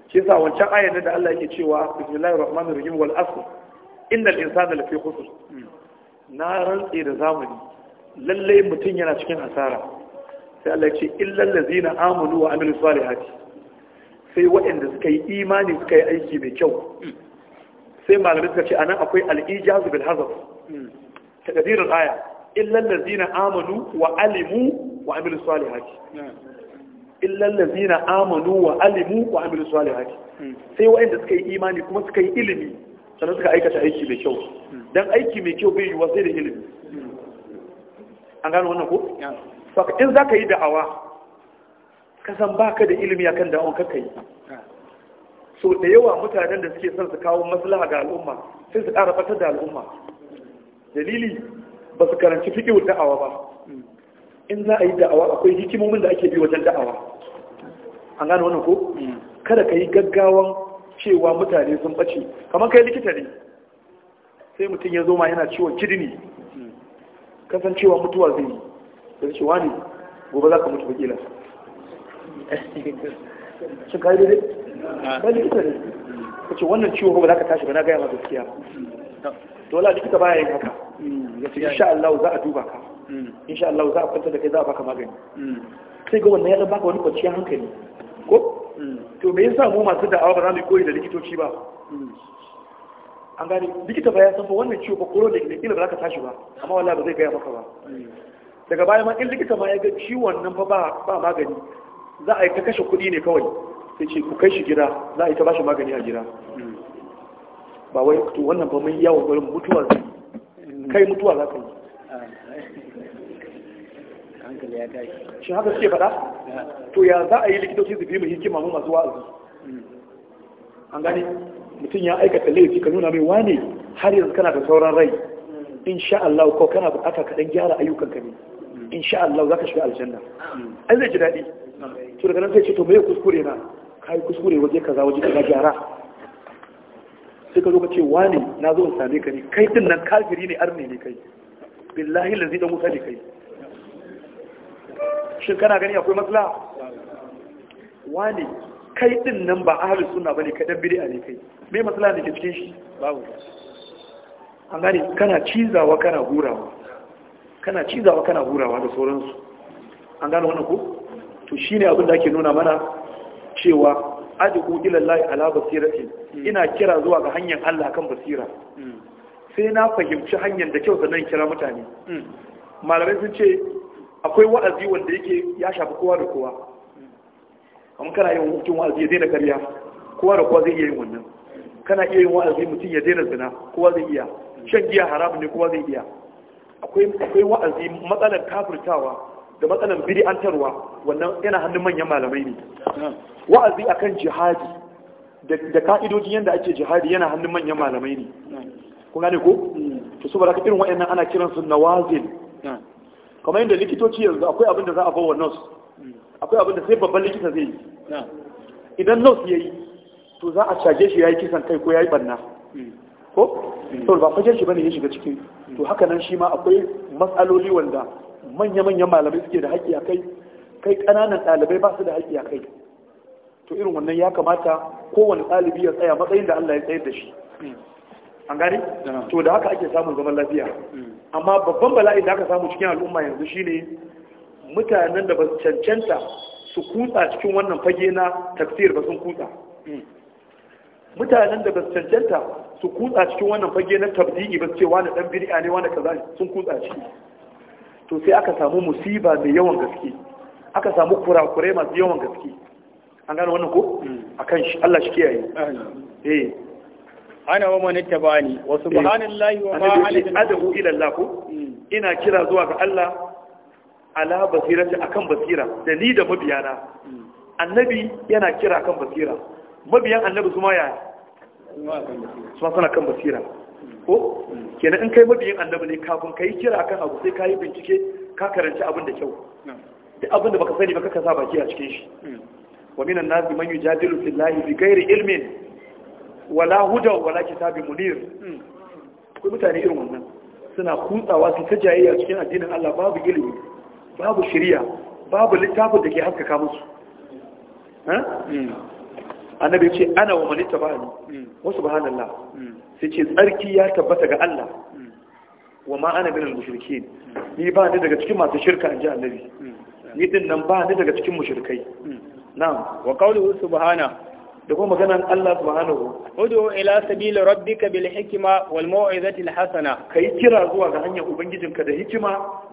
shi sa wancan ayyana da Allah yake cewa bismillahir rahmanir rahim wal asr innal insana lafi khusr na rantse da zamani Lallai mutum yana cikin hasara sai Allah ce illal ladzina amanu wa amilus salihati sai waɗanda suka yi imani suka yi aiki mai kyau sai malamai suka ce anan akwai al-ijaz bil hazaf takdirul aya illal ladzina amanu wa alimu wa amilus salihati illal ladzina amanu wa alimu wa amilus salihati sai waɗanda suka yi imani kuma suka yi ilimi sannan suka aikata aiki mai kyau dan aiki mai kyau bai yi yiwuwa sai da ilimi an gano wannan ko saka in za ka yi da'awa ka san ba ka da ilimi akan da'awun ka yi so da yawa mutanen da suke son su kawo maslaha ga al'umma sai su ƙara fatar da al'umma dalili ba su karanci fiƙi da'awa ba in za a yi da'awa akwai hikimomin da ake bi wajen da'awa an gane wannan ko kada ka yi gaggawan cewa mutane sun ɓace kamar kai likita ne sai mutum ya zo ma yana ciwon kidini kasancewa mutuwa zai yi sai ce wani gobe za ka mutu bakila shi ka yi dai ah. ba likita ne ka ce wannan ciwo ba za ka tashi ba na gaya ma gaskiya dole likita baya yin haka hmm, ya insha Allah za a duba ka hmm. insha Allah za a kwanta da kai za a baka magani hmm. sai ga wannan ya baka wani kwanciyar hankali ko to me yasa mu masu da'awa ba za mu koyi da likitoci ba an gane likita ba ya san fa wannan ciwo ba koro da kila ba za ka tashi ba amma wallahi ba zai gaya maka ba daga baya ma in likita ma ya ga ciwon nan fa ba magani za a yi ta kashe kuɗi ne kawai sai ce ku kai shi gida za a yi ta bashi magani a gida ba wai to wannan ba mun yawon wurin mutuwa zai kai mutuwa za ka yi shi haka suke faɗa to ya za a yi likitoci su bi mu hikima mu masu wa'azi an gane mutum ya aikata laifi ka nuna mai wane har yanzu kana da sauran rai sha Allah ko kana bukata ka gyara ayyukanka ne in sha Allah za ka shiga aljanna An zai ji daɗi to daga nan sai ce to me kuskure na kai kuskure waje kaza waje kaza gyara sai ka zo ka ce wani na zo in same ka ne kai din nan kafiri ne arne ne kai billahi lazi da wuta ne kai shin kana gani akwai matsala wani kai din nan ba ahli sunna bane kai dan bid'a ne kai me matsala ne ke cikin shi babu an gane kana cizawa kana gurawa. kana cizawa kana hurawa da sauransu an gano wani ku? to shine abin da ake nuna mana cewa aji ila lahi ala basirati hmm. ina kira zuwa ga hanyar Allah kan basira hmm. sai na fahimci hanyar da kyau sannan kira mutane hmm. malamai sun ce akwai wa'azi wanda yake ya shafi kowa da kowa amma kana yin hukun wa'azi ya daina karya kowa da kowa zai iya yin wannan kana iya yin wa'azi mutum ya daina zina kowa zai iya shan giya haramun ne kowa zai iya akwai wa'azi matsalar kafirtawa da matsalar bid'antarwa wannan yana hannun manyan malamai ne wa'azi akan jihadi da ka'idojin yadda ake jihadi yana hannun manyan malamai ne kun gane ko to saboda ka irin wa'annan ana kiran su nawazil kamar yadda likitoci yanzu akwai abin da za a bawa nurse akwai abin da sai babban likita zai yi idan nurse yayi to za a caje shi yayi kisan kai ko yayi ɓanna? ko to ba fajar shi bane ya shiga cikin. to haka nan shi ma akwai matsaloli wanda manya-manyan malamai suke da haƙƙi a kai kai ƙananan ɗalibai ba su da haƙƙi a kai to irin wannan ya kamata kowane ɗalibi ya tsaya matsayin da Allah ya tsayar da shi an gane to da haka ake samun zaman lafiya mm. amma babban bala'in da aka samu cikin al'umma yanzu shine mutanen da ba su cancanta su kutsa cikin wannan fage na tafsir ba sun kutsa mm. mutanen da ba su cancanta su kutsa cikin wannan fage na tabdi'i ba ce wani dan bir'a ne wani kaza sun kutsa ciki to sai aka samu musiba mai yawan gaske aka samu kurakurai masu yawan gaske an gane wannan ko hmm. akan shi Allah shi kiyaye eh ana wa man ittabani wa eh. subhanallahi wa ma alayhi adahu ila Allah ko hmm. ina kira zuwa ga Allah ala basirati akan basira da ni da mabiyana hmm. annabi yana kira akan basira mabiyan annabi su ya yaya suna suna kan basira ko kenan in kai mabiyin annabi ne kafin ka kira kan abu sai ka bincike ka karanci abin da kyau duk abin da baka sani baka kaka sa baki a cikin shi wa minan nasi man yujadilu fillahi bi ghairi ilmin wala huda wala kitabi munir ko mutane irin wannan suna kutsawa su ta jayayya cikin addinin Allah babu ilimi babu shari'a babu littafin da ke haskaka musu annabi ya ce ana wa manita ba ni hmm. wa subhanallah hmm. sai ce tsarki ya tabbata ga Allah hmm. wa ma ana minal mushrikin ni ba ni daga cikin masu shirka an ji annabi ni din nan ba ni daga cikin mushrikai na'am wa qawluhu subhana da kuma maganan Allah subhanahu hudu ila sabila rabbika bil hikma wal mau'izati al hasana kai kira zuwa ga hanyar ubangijinka da hikima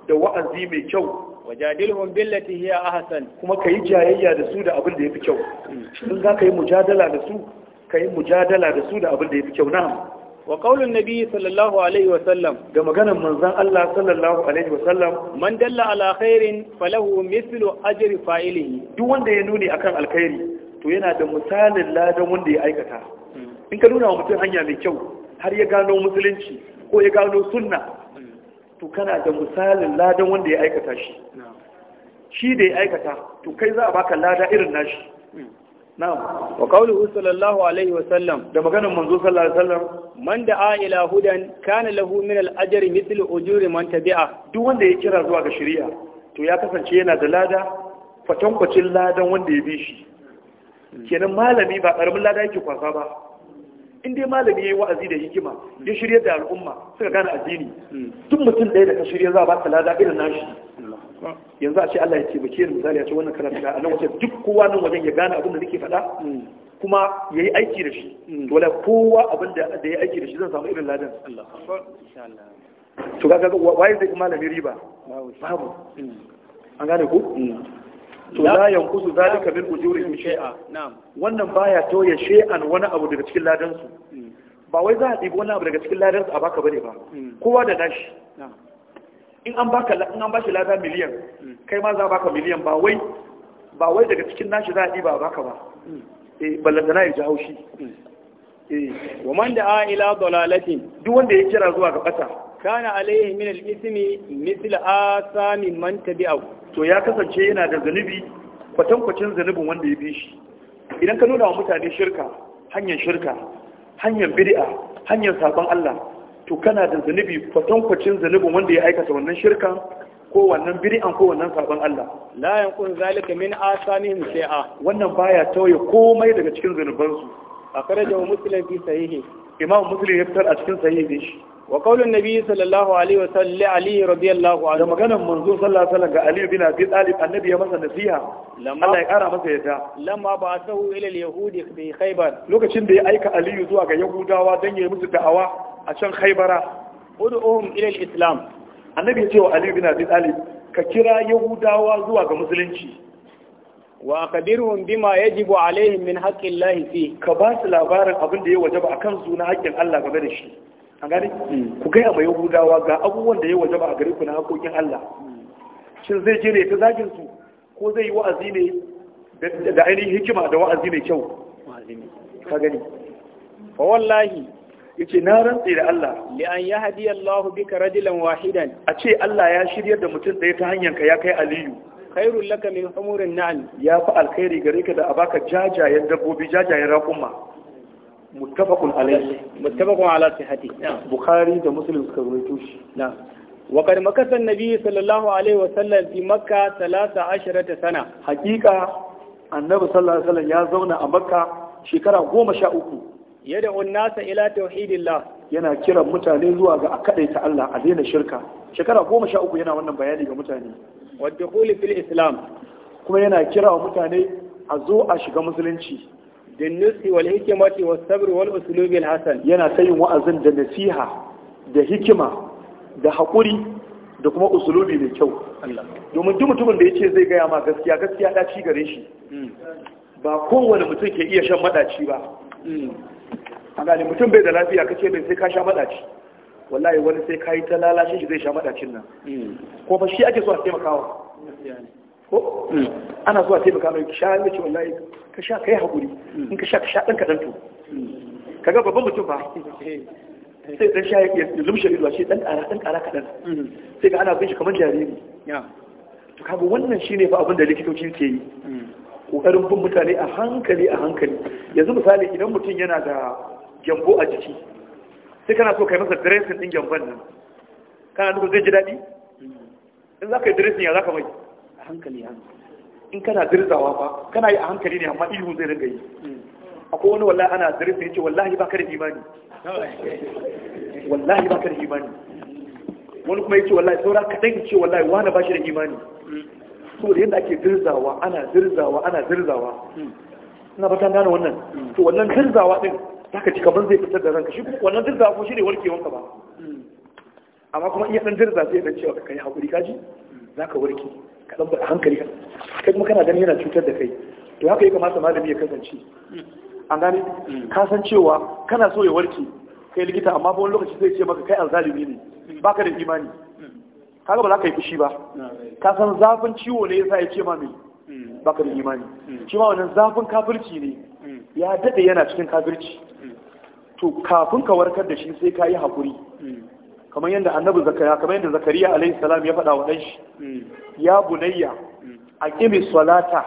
da wa'azi mai kyau wajadilhum billati hiya ahsan kuma kai jayayya da su da abin da yafi kyau shin za ka yi mujadala da su ka yi mujadala da su da abin da yafi kyau na'am wa qaulun nabi sallallahu alaihi wa sallam da maganan manzon Allah sallallahu alaihi wa sallam man dalla ala khairin falahu mithlu ajri fa'ilihi duk wanda ya nuni akan alkhairi to yana da misalin ladan wanda ya aikata in ka nuna wa mutum hanya mai kyau har ya gano musulunci ko ya gano sunna to kana da misalin ladan wanda ya aikata shi shi da ya aikata to kai za a baka lada irin nashi na'am wa qawluhu sallallahu alaihi wa sallam da maganar manzo sallallahu alaihi wa sallam man da'a ila hudan kana lahu min al-ajri mithlu ujuri man tabi'a duk wanda ya kira zuwa ga shari'a to ya kasance yana da lada kwacin ladan wanda ya bi shi kenan malami ba karamin lada yake kwasa ba in dai malami yi wa'azi da hikima ya shirya da al'umma suka gane addini duk mutum ɗaya da ka shirya za a baka lada irin nashi yanzu a ce Allah ya ce yin misali a ce wannan karatu da Allah wace duk kowa nan wajen ya gane abin da nake faɗa kuma ya yi aiki da shi dole kowa abin da ya yi aiki da shi zan samu irin ladan to ga waye zai malami riba babu mm. an gane ku mm. to la yanqusu zalika min ujurihim shay'a wannan baya toye shay'an wani abu daga cikin ladan su hmm. ba wai za a ɗibi wani abu daga cikin ladan su a baka bane ba hmm. kowa da nashi in an baka in an bashi lada miliyan hmm. kai ma za a baka miliyan ba wai ba wai daga cikin nashi za a diba a baka ba eh ballantana ya ji haushi eh wa man da ila dalalatin duk wanda ya kira zuwa ga kasa kana alaihi min al-ismi mithl asami man tabi'ahu to ya kasance yana da zanubi kwatankwacin zanubin wanda ya bi shi idan ka nuna wa mutane shirka hanyar shirka hanyar bid'a hanyar sabon Allah to kana da zanubi kwatankwacin zanubin wanda ya aikata wannan shirka ko wannan bid'an ko wannan sabon Allah la yanqun zalika min asamihim shay'a wannan baya tauye komai daga cikin zanubansu akhrajahu muslim fi sahihi imam muslim ya fitar a cikin sahihin shi wa qaulun nabi sallallahu alaihi wa sallam ali radiyallahu anhu da maganar manzo sallallahu alaihi ga ali bin abi talib annabi ya masa nasiha Allah ya kara masa yadda lamma ba'athahu ila al-yahudi bi khaybar lokacin da ya aika ali zuwa ga yahudawa dan ya musu da'awa a can khaybara ud'uhum ila al-islam annabi ya ce wa ali bin abi talib ka kira yahudawa zuwa ga musulunci wa kadirhum bima yajibu alaihim min haqqi Allah fi ka ba su labarin abin da ya wajaba akan su na haƙƙin Allah game da shi an gani ku gaya ma yahudawa ga abubuwan da ya waje ba a gare ku na hakokin Allah shin zai je ne ta zagin ko zai yi wa'azi ne da ainihin hikima da wa'azi ne kyau ka gani fa wallahi yace na rantse da Allah li an yahdi Allah bika rajulan wahidan a ce Allah ya shiryar da mutum ɗaya ta hanyar ka ya kai aliyu Kairu laka min humurin na'al ya fa alkhairi gare ka da baka jajayen dabbobi jajayen raƙuma muttafaqun alayhi muttafaqun ala sihhati bukhari da muslim suka rawaito shi na'am wa qad makasa an-nabi sallallahu alaihi wa sallam fi makka 13 sana haqiqa annabi sallallahu alaihi wa sallam ya zauna a makka shekara 13 yada unnasa ila tauhidillah yana kiran mutane zuwa ga a kadaita Allah a zaina shirka shekara 13 yana wannan bayani ga mutane wa dukhuli fil islam kuma yana kira wa mutane a zo a shiga musulunci dinnusi wal hikimati was sabr wal uslubi al hasan yana ta yin wa'azin da nasiha da hikima da haƙuri da kuma usulubi mai kyau domin duk mutumin da ya ce zai gaya ma gaskiya gaskiya ɗaci gare shi mm. ba kowane mutum ke iya shan maɗaci ba mm. a gane mutum bai da lafiya ka ce mai sai ka sha maɗaci wallahi wani sai ka yi ta lalashin shi zai sha maɗacin nan mm. ko fa shi ake so a taimakawa ko ana so a taimaka mai sha ne ce wallahi ka sha ka yi haƙuri hmm. in ka sha ka sha ɗan kaɗan to ka ga babban mutum ba sai ɗan sha ya lumshe ido shi ɗan ƙara ɗan ƙara kaɗan hmm. sai ga ana bin shi kamar jariri to kaga wannan shine fa abin da likitoci ke yi hmm. ƙoƙarin bin mutane a hankali a hankali yanzu misali idan mutum yana da gyambo a jiki sai kana so kai masa dressing ɗin gyambon nan kana nufin zai ji daɗi in za ka yi dressing ya za ka mai a hankali hankali in kana dirzawa fa kana yi a hankali ne amma ihu zai ringa yi akwai wani wallahi ana dirza yace wallahi ba da imani wallahi ba da imani wani kuma yake wallahi saura kadan yace wallahi wani ba shi da imani so da yadda ake dirzawa ana dirzawa ana dirzawa ina fatan gane wannan to wannan dirzawa din ka ci kamar zai fitar da ranka shi kuma wannan dirzawa ko shi ne warke wanka ba amma kuma iya dan dirza sai dan cewa kai hakuri kaji zaka warke Kaɗan dan bada hankali kai kuma kana ganin yana cutar da kai to haka yi kamata malami ya kasance an gane mm. ka san cewa kana so ya warke kai likita amma ba wani lokaci zai ce maka kai alzalimi ne baka da imani mm. kaga ba za ka yi fushi ba ka san zafin ciwo ne yasa ya ce ma mai mm. baka da imani shi ma wannan zafin kafirci ne ya dade yana cikin kafirci to kafin ka warkar da shi sai ka yi haƙuri kamar yadda annabi zakariya kamar yadda zakariya alayhi salam ya faɗa wa ɗan shi ya bunayya a kimi salata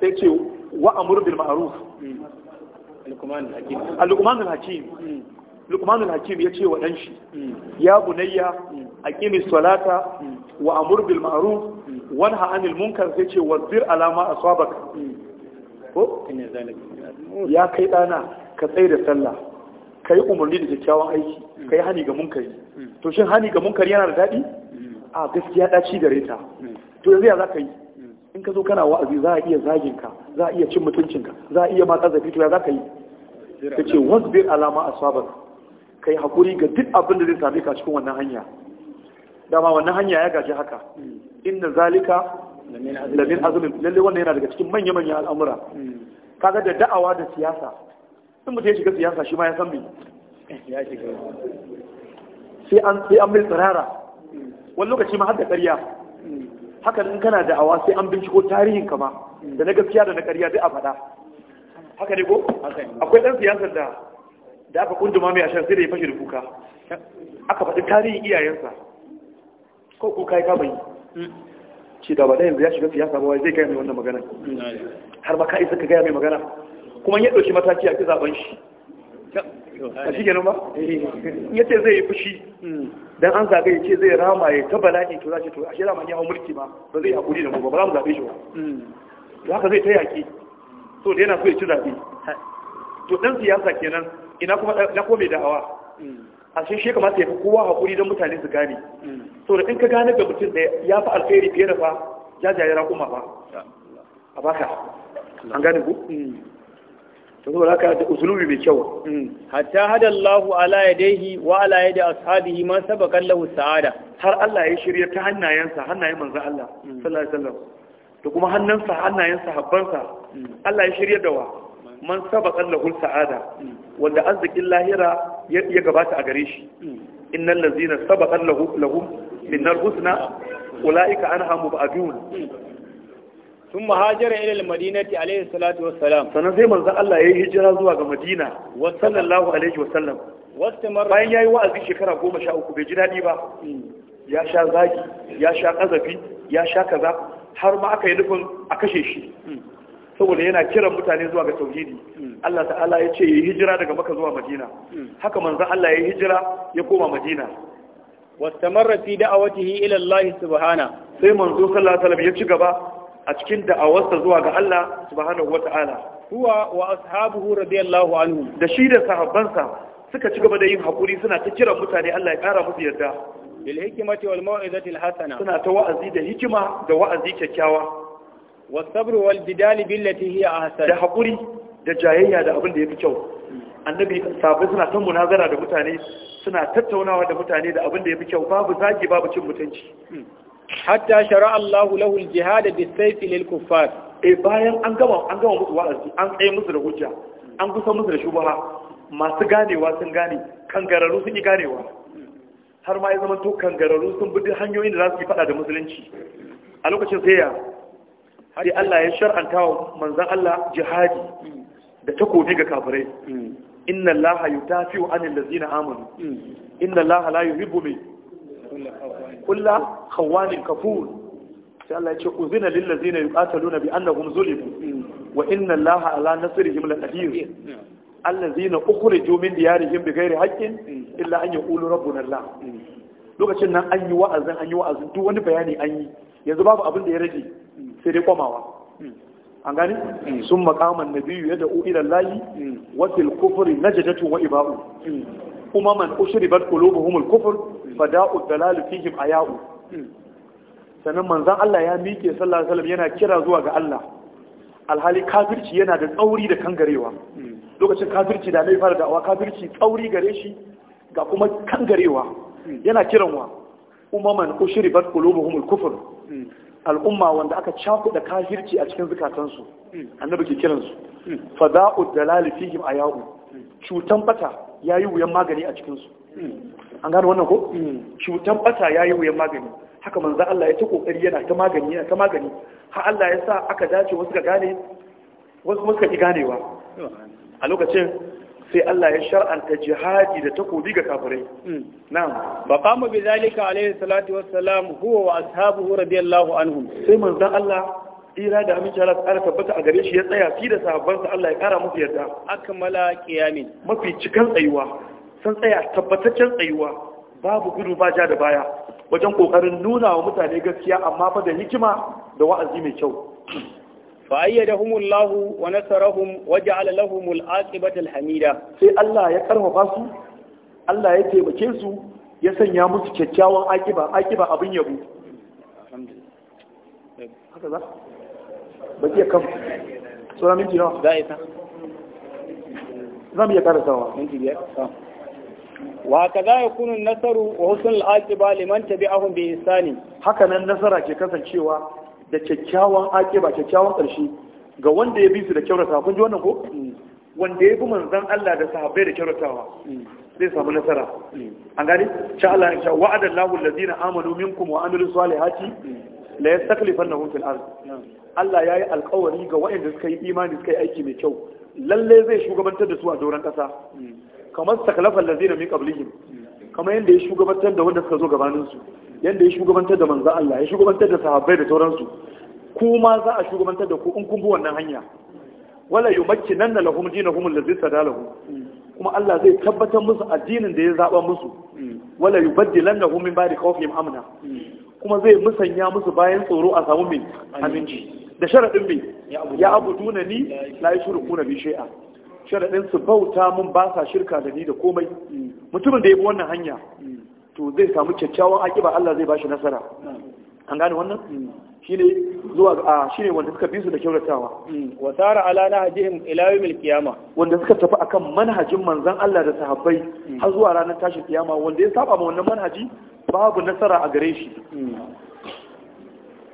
sai ce wa amur bil ma'ruf al-luqman al-hakim luqman hakim luqman al hakim ya ce wa ɗan shi ya bunayya a kimi salata wa amur bil ma'ruf wanha anil munkar sai ce wazir alama asabaka hmm. ko ya kai dana ka tsaye da sallah ka yi umarni da kyakkyawan aiki mm. ka yi hani ga munkari mm. to shin hani ga munkari yana da daɗi mm. a gaskiya ɗaci gare ta to yanzu ya za ka yi in ka zo kana wa'azi za a iya zagin ka za a iya cin mutuncinka za a iya ma ƙazafi to ya za ka yi ta ce wasbir alama a sabar ka yi haƙuri ga duk abin da zai same ka cikin wannan hanya dama wannan hanya ya gaji haka inda zalika lamin azumin lalle wannan yana daga cikin manya-manyan al'amura kaga da da'awa da siyasa sun mutum ya shiga siyasa shi ma ya san me sai an bin tsirara wani lokaci ma har da ƙarya haka in kana da awa sai an binciko tarihin kama da na gaskiya da na ƙarya duk a faɗa haka ne ko akwai ɗan siyasar da da aka kunjuma mai ashar sai da ya fashe da kuka aka faɗi tarihin iyayensa ko kuka ya kama yi ce hmm. da ba da yanzu ya shiga siyasa ba zai gaya mai wannan magana har ma ka isa ka gaya mai magana kuma ya ɗauki mataki a ki zaɓen shi a shi ba ya ce zai yi fushi don an zaɓe ya ce zai rama ya ta bala'i to za ce to a shi rama ya hau mulki ba ba zai haƙuri da mu ba za mu zaɓe shi ba to haka zai ta yaƙi so da yana so ya ci zaɓe to ɗan siyasa kenan ina kuma na kome da hawa a shi shi kamata ya fi kowa haƙuri don mutane su gane so da in ka gane ga mutum da ya fi alkhairi fiye da fa jajaye raƙuma ba a baka an gane ku to saboda haka da usulubi mai kyau mm. hatta hada Allahu ala yadayhi wa ala yadi ashabihi man sabaqa lahu sa'ada har Allah ya shirya ta hannayensa hannayen manzo Allah mm. sallallahu alaihi wasallam to kuma hannansa hannayensa habbansa mm. Allah ya shirya da wa man saba lahu sa'ada wanda arzikin lahira ya gabata a gare shi innal ladzina sabaqa lahu lahum minnal husna ulaika anha mubadun sun mahajara ila madinati alaihi salatu wassalam sannan sai manzon Allah yayi hijira zuwa ga Madina wa sallallahu alaihi wasallam wastamar bayan yayi wa'azi shekara 13 bai ji dadi ba hmm. ya sha zagi ya sha kazafi ya sha kaza har ma aka yi nufin a kashe shi hmm. saboda yana kiran mutane zuwa ga tauhidi hmm. Allah ta'ala ya ce yi hijira daga maka zuwa madina haka manzon Allah ya yi hijira ya koma madina wastamarra fi da'awatihi ila Allah subhana sai manzo sallallahu alaihi wasallam ya ci gaba a cikin da'awarsa zuwa ga Allah subhanahu wata'ala huwa wa ashabuhu radiyallahu anhu da shi da sahabbansa suka ci gaba da yin hakuri suna ta kiran mutane Allah ya kara musu yarda bil hikmati wal mau'izati hasana suna ta wa'azi da hikima da wa'azi kyakkyawa was sabr wal bidal billati hiya ahsan da hakuri da jayayya da abin da yafi kyau annabi sahabbai suna ta munazara da mutane suna tattaunawa da mutane da abin da yafi kyau babu zaki babu cin mutunci hmm. hatta shara Allahu lahu al-jihad bis-sayf lil-kuffar e bayan an gama an gama musu wa'azi an tsaye musu da hujja an kusa musu da shubha masu ganewa sun gane kangararru sun yi ganewa har ma ya zama to kangararru sun bi hanyoyin da za su yi fada da musulunci a lokacin sai ya sai Allah ya shar'anta wa manzon Allah jihadi da takobi ga kafirai hmm. inna Allah yutafi'u anil ladzina amanu hmm. inna Allah la yuhibbu kulla khawanin kafur sai Allah ya ce uzina lil ladzina yuqataluna bi annahum zulimu wa inna Allaha ala nasrihim laqadir allazina ukhriju min diyarihim bighairi haqqin illa an yaqulu rabbuna Allah lokacin nan an yi wa'azin an yi wa'azin duk wani bayani an yi yanzu babu abin da ya rage sai dai komawa an gani sun makaman nabiyu ya da'u ila layi wa fil kufri najdatu wa iba'u umaman ushribat al kufr fada'u dalal fihim aya'u sannan manzon Allah ya miƙe sallallahu alaihi wasallam yana kira zuwa ga Allah alhali kafirci yana da tsauri da kangarewa lokacin kafirci da mai fara da'awa kafirci tsauri gare shi ga kuma kangarewa yana kiranwa umaman ushribat al kufr al'umma wanda aka da kafirci a cikin zukatansu annabi ke kiransu fada'u dalal fihim aya'u cutan bata ya yi wuyan magani a cikinsu an gano wannan ko cutan bata ya yi wuyan magani haka manzan Allah ya ta kokari yana ta magani yana ta magani Ha Allah ya sa aka dace wasu ka gane wasu muska suka ki ganewa a lokacin sai Allah ya shar'anta jihadi da takobi ga kafirai na'am ba kama bi zalika alaihi salatu wassalam huwa wa ashabuhu radiyallahu anhum sai manzan Allah tsira da aminci Allah ƙara tabbata a gare shi ya tsaya fi da sa Allah ya kara musu yarda akmala qiyamin mafi cikan tsayuwa san tsaya tabbataccen tsayuwa babu gudu ba ja da baya wajen kokarin nuna wa mutane gaskiya amma fa da hikima da wa'azi mai kyau fa ayyadahumullahu wa nasarahum wa ja'ala lahumul aqibata alhamida sai Allah ya karfafa su Allah ya taimake su ya sanya musu kyakkyawan akiba akiba abin yabo baki ya kam sura minti nawa da ita zan iya karasawa minti biyar husun al'akiba limanta bi ahun لمن تبعهم Haka nan nasara ke kasancewa da kyakkyawan akiba kyakkyawan ƙarshe ga wanda ya bi su da kyautatawa kun ji wannan ko mm. wanda ya bi manzan Allah da sahabbai da kyautatawa mm. zai samu nasara mm. an gani sha Allah ya sha wa'adallahu allazina amanu minkum wa amilu salihati la yastakhlifannahum fil ard Allah ya yi alƙawari ga waɗanda suka yi imani suka yi aiki mai kyau lalle zai shugabantar da su a doron ƙasa kamar sakalafan lazina min qablihim kamar yadda ya shugabantar da wanda suka zo gabaninsu, yadda ya shugabantar da manzo Allah ya shugabantar da sahabbai da sauransu ku ma za a shugabantar da ku in kun bi wannan hanya wala yumakkinanna lahum dinahum allazi lahu? kuma Allah zai tabbatar musu addinin da ya zaba musu wala yubaddilannahum min ba'di khawfihim amna kuma zai musanya musu bayan tsoro a samu min aminci da sharadin bi ya abuduna ni la yushrikuna bi shay'a sharadin su bauta mun ba sa shirka da ni da komai mutumin da ya bi wannan hanya to zai samu kyakkyawan akiba Allah zai bashi nasara an gane wannan shine zuwa a shine wanda suka bi su da kyautatawa hmm. wa sara ala nahjihim ila yawmil qiyama wanda suka tafi akan manhajin manzon Allah da sahabbai hmm. har zuwa ranar tashin kiyama wanda ya saba ma wannan manhaji babu nasara a gare shi hmm.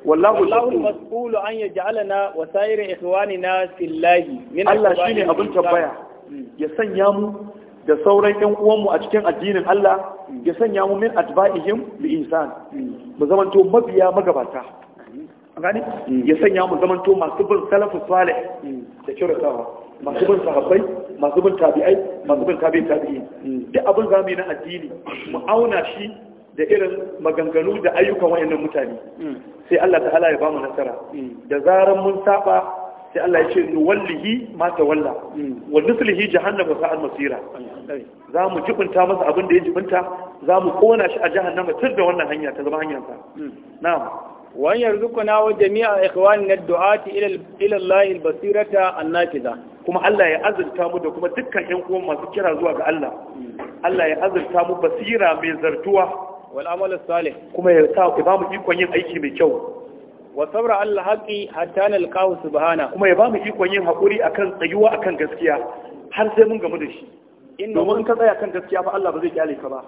wallahu mas'ulu an yaj'alana wa sa'ir ikhwanina fillahi min Allah shine abin tabbaya ya sanya mu da sauran yan uwanmu a cikin addinin Allah ya sanya mu min atba'ihim bi insan mu zamanto mabiya magabata gani ya sanya mu zaman to masu bin salafu salih da kyautatawa masu bin sahabbai masu bin tabi'ai masu bin tabi'in tabi'i duk abin zamu yi na addini mu auna shi da irin maganganu da ayyukan wayannan mutane sai Allah ta'ala ya bamu nasara da zaran mun saba sai Allah ya ce nuwallihi ma walla, wa nuslihi jahannama sa'al masira za mu jibinta masa abin da ya jibinta za mu kona shi a jahannama tur da wannan hanya ta zama hanyar sa na'am wani yarzukuna wa jami'a ikhwani na du'ati ila Allah basirata an-nafiza kuma Allah ya azurta mu da kuma dukkan ƴan masu kira zuwa ga Allah Allah ya azurta mu basira mai zartuwa wal amal salih kuma ya sa ku bamu ikon yin aiki mai kyau wa sabra al haqi hatta nalqahu subhana kuma ya bamu ikon yin hakuri akan tsayuwa akan gaskiya har sai mun gamu da shi inna mun ka tsaya kan gaskiya fa Allah ba zai kyale ka ba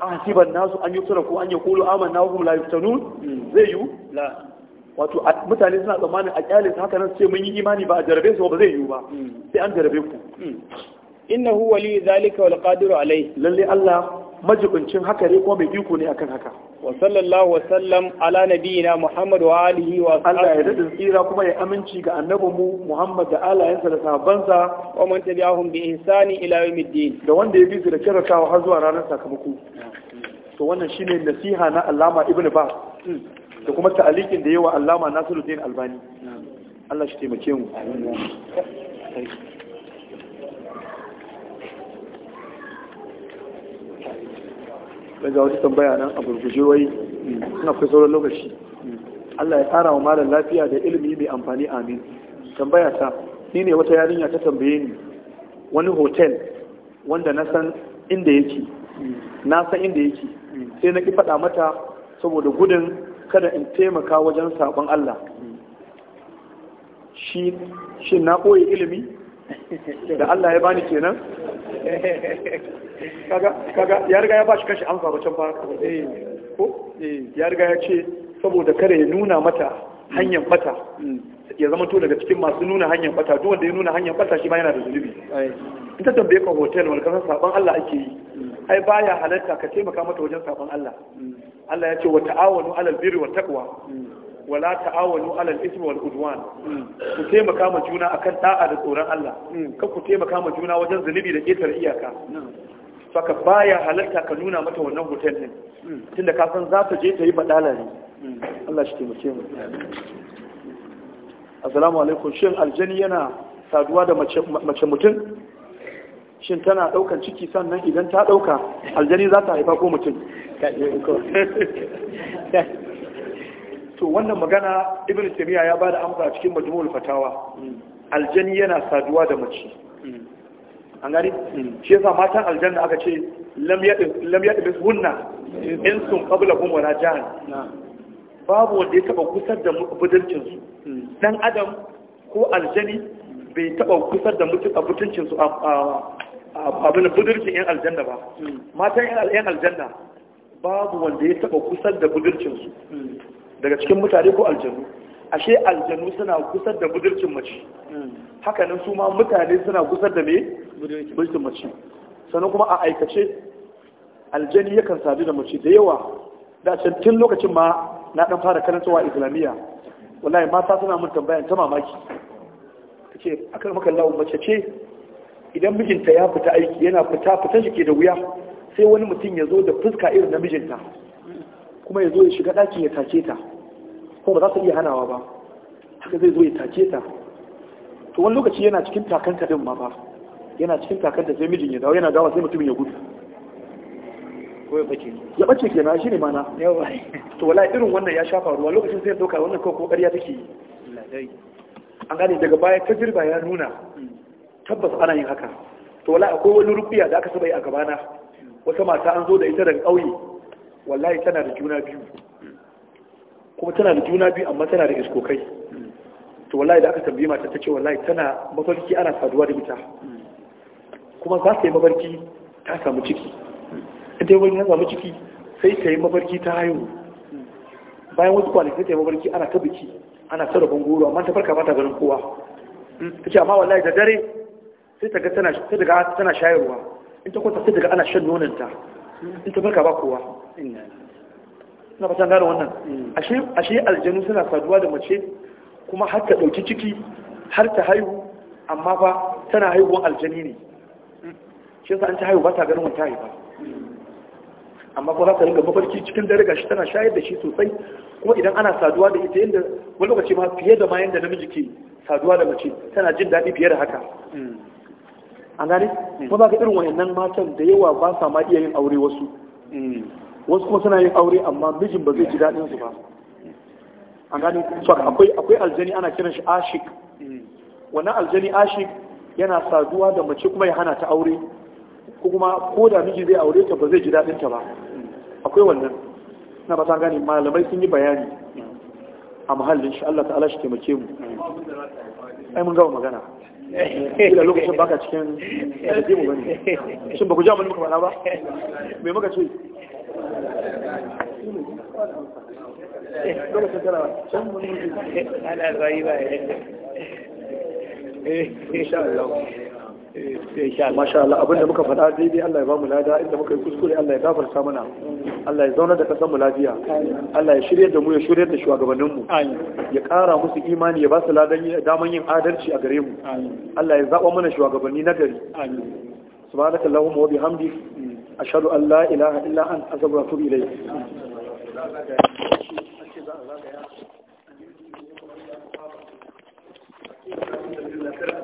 ahsiban nasu an yutraku an yaqulu amanna wa hum la yuftanun hmm. zai yu la wato mutane suna tsammanin a kyale su haka nan ce mun yi imani ba a jarabe su ba zai yu ba hmm. sai an jarabe ku hmm. innahu waliyu zalika wal qadiru alai lalle Allah majibincin haka ne ko mai iko ne akan haka wa sallallahu wa sallam ala nabiyina muhammad wa alihi wa Allah ya dadin tsira kuma ya aminci ga annabinmu muhammad da alayensa da sahabbansa wa man tabi'ahum bi ihsani ila yawmiddin da wanda ya bi su da kirkawa har zuwa ranar sakamako to wannan shine nasiha na allama Ibn ba da kuma ta'alikin da yawa allama nasiruddin albani Allah shi taimake mu daga wata tambaya nan a gurguje wai na kai sauran lokaci Allah ya tsara wa malam lafiya da ilimi mai amfani amin tambaya ta ni ne wata yarinya ta tambaye ni wani hotel wanda na san inda yake na san inda yake sai na ki faɗa mata saboda gudun kada in taimaka wajen sabon Allah shi na ɓoye ilimi da Allah ya bani kenan kaga kaga ya riga ya bashi kashi amsa ba can ba eh ko eh ya riga ya ce saboda kare ya nuna mata hanyar mm. bata mm. ya zama to daga cikin masu nuna hanyar bata duk wanda ya nuna hanyar bata shi ma yana da zulubi in ta tambaye ka hotel wani kasan saban Allah ake yi mm. ai baya halatta ka taimaka mata wajen saban Allah Allah ya ce wa ta'awanu alal birri wa taqwa wala ta'awanu alal ismi wal udwan ku taimaka ma juna akan da'a da tsoron Allah kan ku taimaka ma juna wajen zunubi da ketar iyaka saka baya halarta ka nuna mata wannan hotel din tunda ka san za ta je ta yi badala ne Allah shi taimake mu assalamu alaikum shin aljani yana saduwa da mace mutum shin tana daukan ciki sannan idan ta dauka aljani za ta haifa ko mutum to wannan magana ibn tamiya ya bada amsa a cikin majmu'ul fatawa aljani yana saduwa da mace an gani shi yasa matan aljanna aka ce lam yadin lam yadin bisunna in sun qabla hum wala jahan babu wanda ya taba kusar da mutuncin su dan adam ko aljani bai taba kusar da mutuncin su abin budurcin yan aljanna ba hmm. matan yan aljanna babu wanda ya taba kusar da budurcin su hmm. daga cikin mutane ko aljanu ashe aljanu suna kusar da budurcin mace hakanan su ma mutane suna kusar da mai budurcin mace sannan kuma a aikace aljani yakan sadu da mace da yawa da can tun lokacin ma na dan fara karantawa islamiyya wallahi mata suna mun tambayan ta mamaki kace akan maka lawo mace ce idan mijinta ya fita aiki yana fita fitan shi ke da wuya sai wani mutum ya zo da fuska irin na mijinta kuma ya zo ya shiga ɗakin ya take ta kuma ba za su iya hanawa ba haka zai zo ya take ta to wani lokaci yana cikin takanta din ma ba yana cikin takan da sai mijin ya dawo yana dawo sai mutumin ya gudu ko ya bace ya bace kenan shi ne mana yawa to wala irin wannan ya shafa ruwa lokacin sai ya dauka wannan ko kokariya take yi an gane daga baya jirba ya nuna tabbas ana yin haka to wala akwai wani rubiya da aka saba yi a gabana wata mata an zo da ita daga ƙauye wallahi tana da juna biyu kuma tana da juna biyu amma tana da iskokai to wallahi da aka tambaye mata ta ce wallahi tana mafarki ana saduwa da ita kuma za ta yi mafarki ta samu ciki in ta yi mafarki ta samu ciki sai ta yi mafarki ta haihu bayan wasu kwanaki ta yi mafarki ana ta biki ana rabon goro amma ta farka mata garin kowa ta ce amma wallahi da dare sai ta ga tana shayarwa in ta kwanta sai daga ana shan nonanta in ta farka ba kowa suna a gane wannan eh. ashe aljanu suna saduwa da mace kuma har ta ɗauki ciki har ta haihu amma fa tana haihuwan aljani ne shi yasa an ta haihu ba ta ganin wata haifa amma ko za ta ringa mafarki cikin dare ga shi tana shayar da shi sosai kuma idan ana saduwa da ita yadda wani lokaci ma fiye da ma yadda namiji ke saduwa da mace tana jin daɗi fiye da haka hmm. an gane hmm. kuma ba ka irin wayannan matan da yawa ba sa ma iya yin aure wasu hmm. wasu kuma suna yin aure amma mijin ba zai ji daɗin su ba an gani so akwai akwai aljani ana kiran shi ashik wannan aljani ashik yana saduwa da mace kuma ya hana ta aure ko kuma ko da miji zai aure ta ba zai ji daɗin ta ba akwai wannan na ba ta gani malamai sun yi bayani a muhallin shi Allah ta'ala shi taimake mu ai mun gama magana Ila lokacin baka cikin da mu bane shin ba ku ji abin muka faɗa ba me muka ce ana zai Allah masha Allah abinda muka faɗa daidai Allah ya ba mu lada inda muka yi kuskure Allah ya gafarta mana Allah ya zauna da kasar mu lafiya Allah ya shirya da mu ya shirya da shugabannin mu ya ƙara musu imani ya ba su ladan daman yin adalci a gare mu Allah ya zaɓa mana shugabanni na gari subhanakallahumma wa bihamdika A an la ila illa an azabu wa ilayk